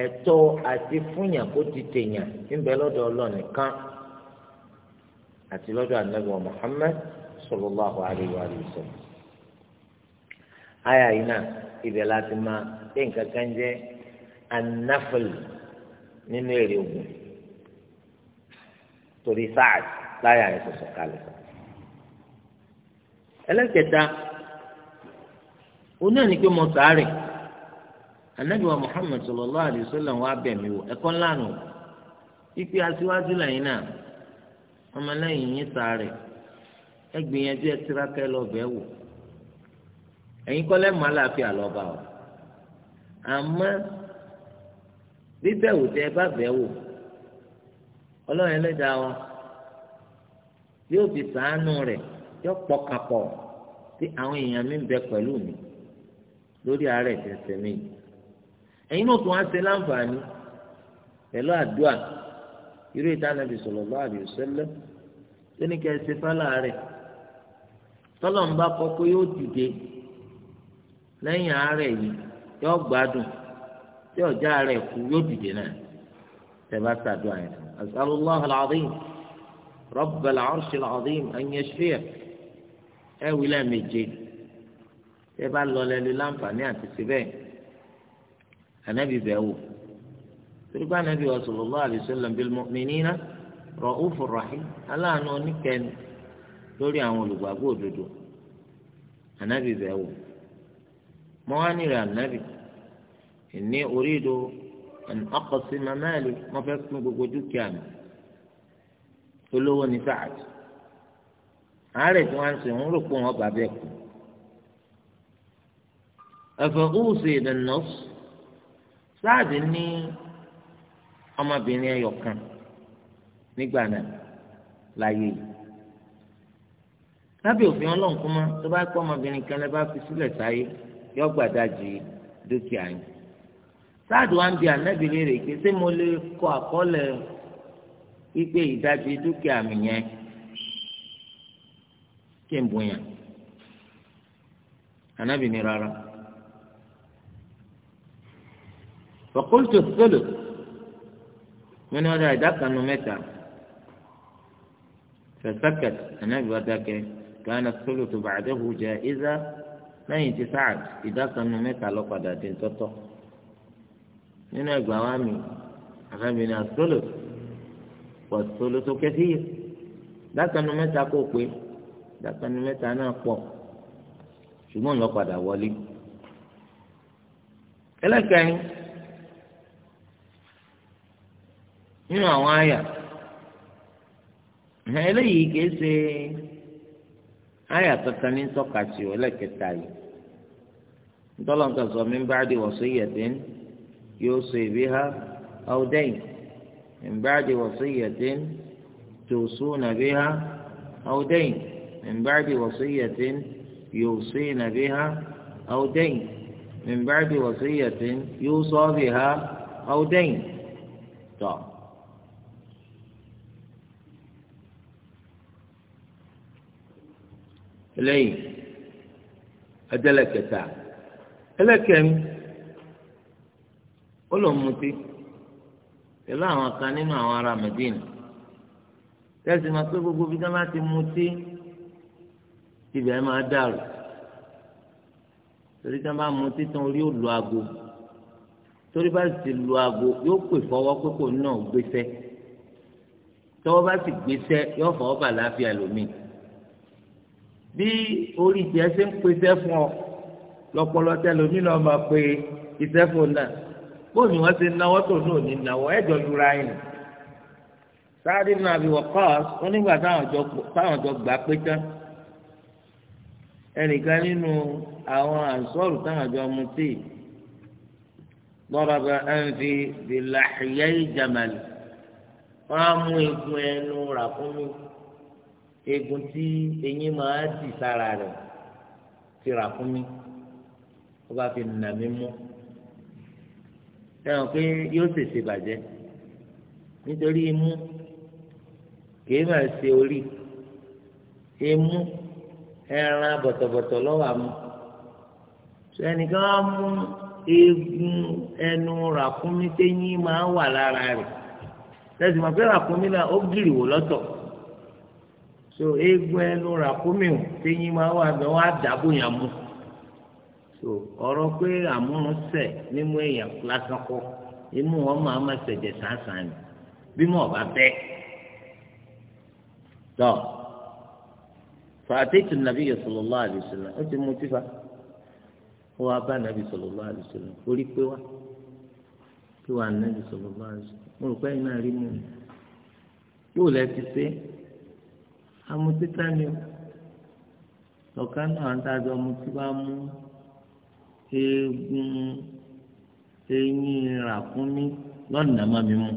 ẹ̀tọ́ àti fúnyàn kó ti tèèyàn níbẹ̀ lọ́dọ̀ Ọlọ́run nìkan àti lọ́dọ̀ Ànábì Muhammad sallallahu alayhi wa sallam. àyà yìí náà ibẹ̀ láti máa pé nǹkan kan jẹ́ anáfẹ́lì nínú èrè ogun torí sáàd láyà yẹn sọ̀sọ̀ kalẹ̀. ẹlẹ́kẹta onáà ní pé mo sàárẹ̀ anabi wa muhammed sallallahu alayhi wa sallam wa bẹ̀mí wò ẹ̀kọ́ ńlá nù ipe aṣíwájú lẹ́yìn náà ọmọlẹ́yìn yín sáré ẹ gbìyànjú ẹ tiraka ẹ lọ́bẹ̀ wò ẹ̀yin kọ́lẹ́ mọ́ aláàfíà lọ́ba o àmọ́ bíbẹ̀wò tẹ ẹ bá bẹ̀ wò ọlọ́run ẹlẹ́dàá wa yóò fi sàánú rẹ̀ yóò pọkàpọ̀ tí àwọn èèyàn mi bẹ pẹ̀lú mi lórí àárẹ̀ tẹ̀sẹ̀ mi yìí ẹ̀yin náà tún wá ṣe láǹfààní pẹ̀lú àdúrà irú ìtànàbì sallallahu alaihi wasallam tó ní kẹ́ ẹ ṣe fálà rẹ̀ tọ́lọ̀ ń bá kọ́ pé yóò dìde lẹ́yìn àárẹ̀ yìí yóò gbádùn tí ọ̀já rẹ̀ kú yóò dìde náà tẹ̀bá ṣàdúrà yẹn as'alullahi al-azim rabbal arshil azim an yashfiya ẹ̀ méje tẹ̀bá lọ lẹ́lu láǹfààní àti síbẹ̀ yìí ànábì bẹ̀ wò torípé ànábì wa sallallahu alaihi wasallam bil mu'minina ra'ufur rahim aláàánú oníkẹ́ni lórí àwọn olùgbàgbọ́ òdodo ànábì bẹ̀ wò mọ́ wá nírẹ̀ ànábì inni uridu an aqsima mali mo fẹ́ pín gbogbo dúkìá mi olówó ni Sa'ad àárẹ̀ tí wọ́n ń ń rò pé wọ́n bàbá ẹ̀ kù ẹ̀fọ́ ọ̀hún ṣe ìdáná sùn. sáàdì ní ọmọbìnrin ẹyọ kan nígbà náà láyé yìí lábẹ́ òfin tó bá ọmọbìnrin kan lẹ́ bá fi sílẹ̀ sáyé yọ gbàdájì dúkìá yìí sáàdì wa ń bi ànábì léèrè pé ṣé mo lè kọ dúkìá mi n ànábì fọkúlùtù sọlù wọn ni wọn dá ìdá kan nu mẹ́ta fẹsẹkẹt ẹnẹbi wọn dákẹ́ gánà sọlù tó bàdé hù jẹ ìzá lẹ́yìn tí sáà ìdá kan nu mẹ́ta lọ padà dé tọtọ nínú ẹgbàá wa mi àfẹmí ni àsọlù pọ sọlù tó kẹsí yìí ìdá kan nu mẹ́ta kó pé ìdá kan nu mẹ́ta náà pọ̀ ṣùgbọ́n lọ padà wọlé ẹlẹkẹrin. nínú àwọn àyà eléyìí kìí ṣe àyà kankan ní sọ́ka sí ọ lẹ́kẹta yìí ntọ́lọ́nkà sọ mí bá di ha min ba'di wasiyyatin yusi biha aw dayn min ba'di wasiyyatin tusuna biha aw dayn min ba'di wasiyyatin yusina biha aw dayn min ba'di wasiyyatin yusa biha aw dayn tọ́. lẹ́yìn ẹdẹlẹkẹta ẹlẹkẹm ó lọ mutí pẹ̀lú àwọn kan nínú àwọn ará Medina tẹsí ma pé gbogbo bí dáná ti mutí ibẹ̀ máa dàrú torí tí wọn bá mutí tán orí ò lu aago torí bá sì lu aago yóò pè fọwọ́ pé kò náà gbéṣẹ́ tọwọ́ bá sì gbéṣẹ́ yóò fọwọ́ bà láàfin ẹlòmíì bí orí ìjẹ́ ṣe ń pe iṣẹ́ fún ọ lọ́pọlọ tẹlomi náà máa pe iṣẹ́ fún ọ náà bóun ni wọ́n ṣe náwó tó náà ní náwó ẹ̀jọ̀ jura yìí nù sáàdì nínú àbíwọ̀ kọ́ọ̀s wọn nígbà táwọn jọ gbà pé tán ẹnìkan nínú àwọn ànsọ́ọ̀rù táwọn jọ mu tíì ضرب أنفي بلحيي جمل wọ́n á mú egun ẹnu ràkúnmí eegun tí eyín máa dì sára rẹ̀ ti rà fún mi ó bá fi nà mí mú ẹ̀rọ pé yóò ṣèṣe bàjẹ́ nítorí imú kìí máa ṣe orí imú ẹran bọ̀tọ̀bọ̀tọ̀ lọ́wọ́ àmú ẹnìkan á mú eegun ẹnu ràkúnmí téyín máa wà lára rẹ̀ tẹ̀sí mọ̀ pé ràkúnmí náà ó gìrì wò lọ́tọ̀. so eegun ẹnu ràkúnmí o téyín máa wà bẹ yàn so ọ̀rọ̀ pé àmúrúnsẹ̀ nímú èèyàn lásán kọ imú wọn máa má ṣẹ̀jẹ̀ sánsan ni bí mo bá bẹ tọ fàtẹ́tù nàbí sallallahu alaihi wasallam ó ti mú tífà ó wá bá nàbí sallallahu alaihi orí pé wá kí nàbí mo rò pé rí mú yóò ti amutita ni ọ̀kan náà ń ọmọtí bá mú eegun eyín mi lọ́nà má mi mú.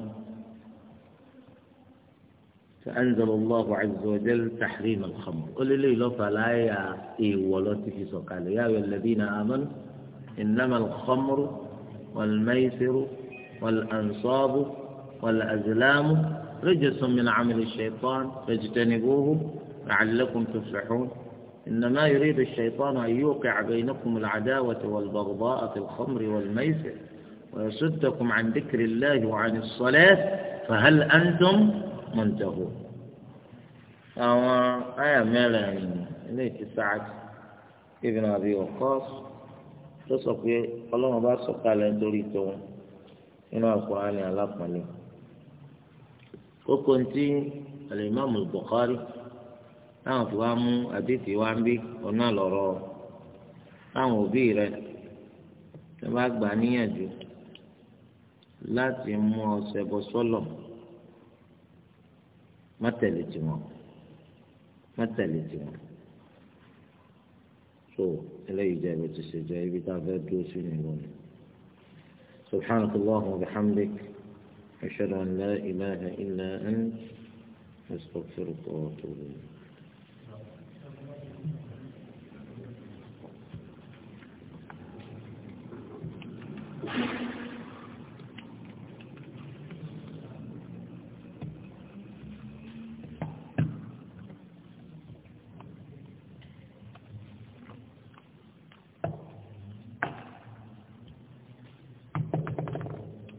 فأنزل الله عز وجل تحريم الخمر قل لي لو فلا يا إيه ولا تفي قال يا أيها الذين آمنوا إنما الخمر والميسر والأنصاب والأزلام رجس من عمل الشيطان فاجتنبوه لعلكم تفلحون إنما يريد الشيطان أن يوقع بينكم العداوة والبغضاء في الخمر والميسر ويصدكم عن ذكر الله وعن الصلاة فهل أنتم منتهون أو آية مالا إليك سعد ابن أبي وقاص تصفي الله ما بارسك على أن تريدون إنه القرآن على kókó ntí alimami Bukhari táwọn fi wá mú àdéhìí wá ń bí ọ̀nà lọ́rọ́ táwọn òbí rẹ̀ tó bá gbà níyànjú láti mú ọsẹ bọ sọlọ má tẹ̀lé tiwọn má tiwọn so eléyìí jẹ́ ibi tí ṣe jẹ́ ibi tá a fẹ́ dúró sí nìyẹn lónìí subhanahu wa rahmatulahi. أشهد أن لا إله إلا أنت أستغفرك وأتوب إليك Thank you.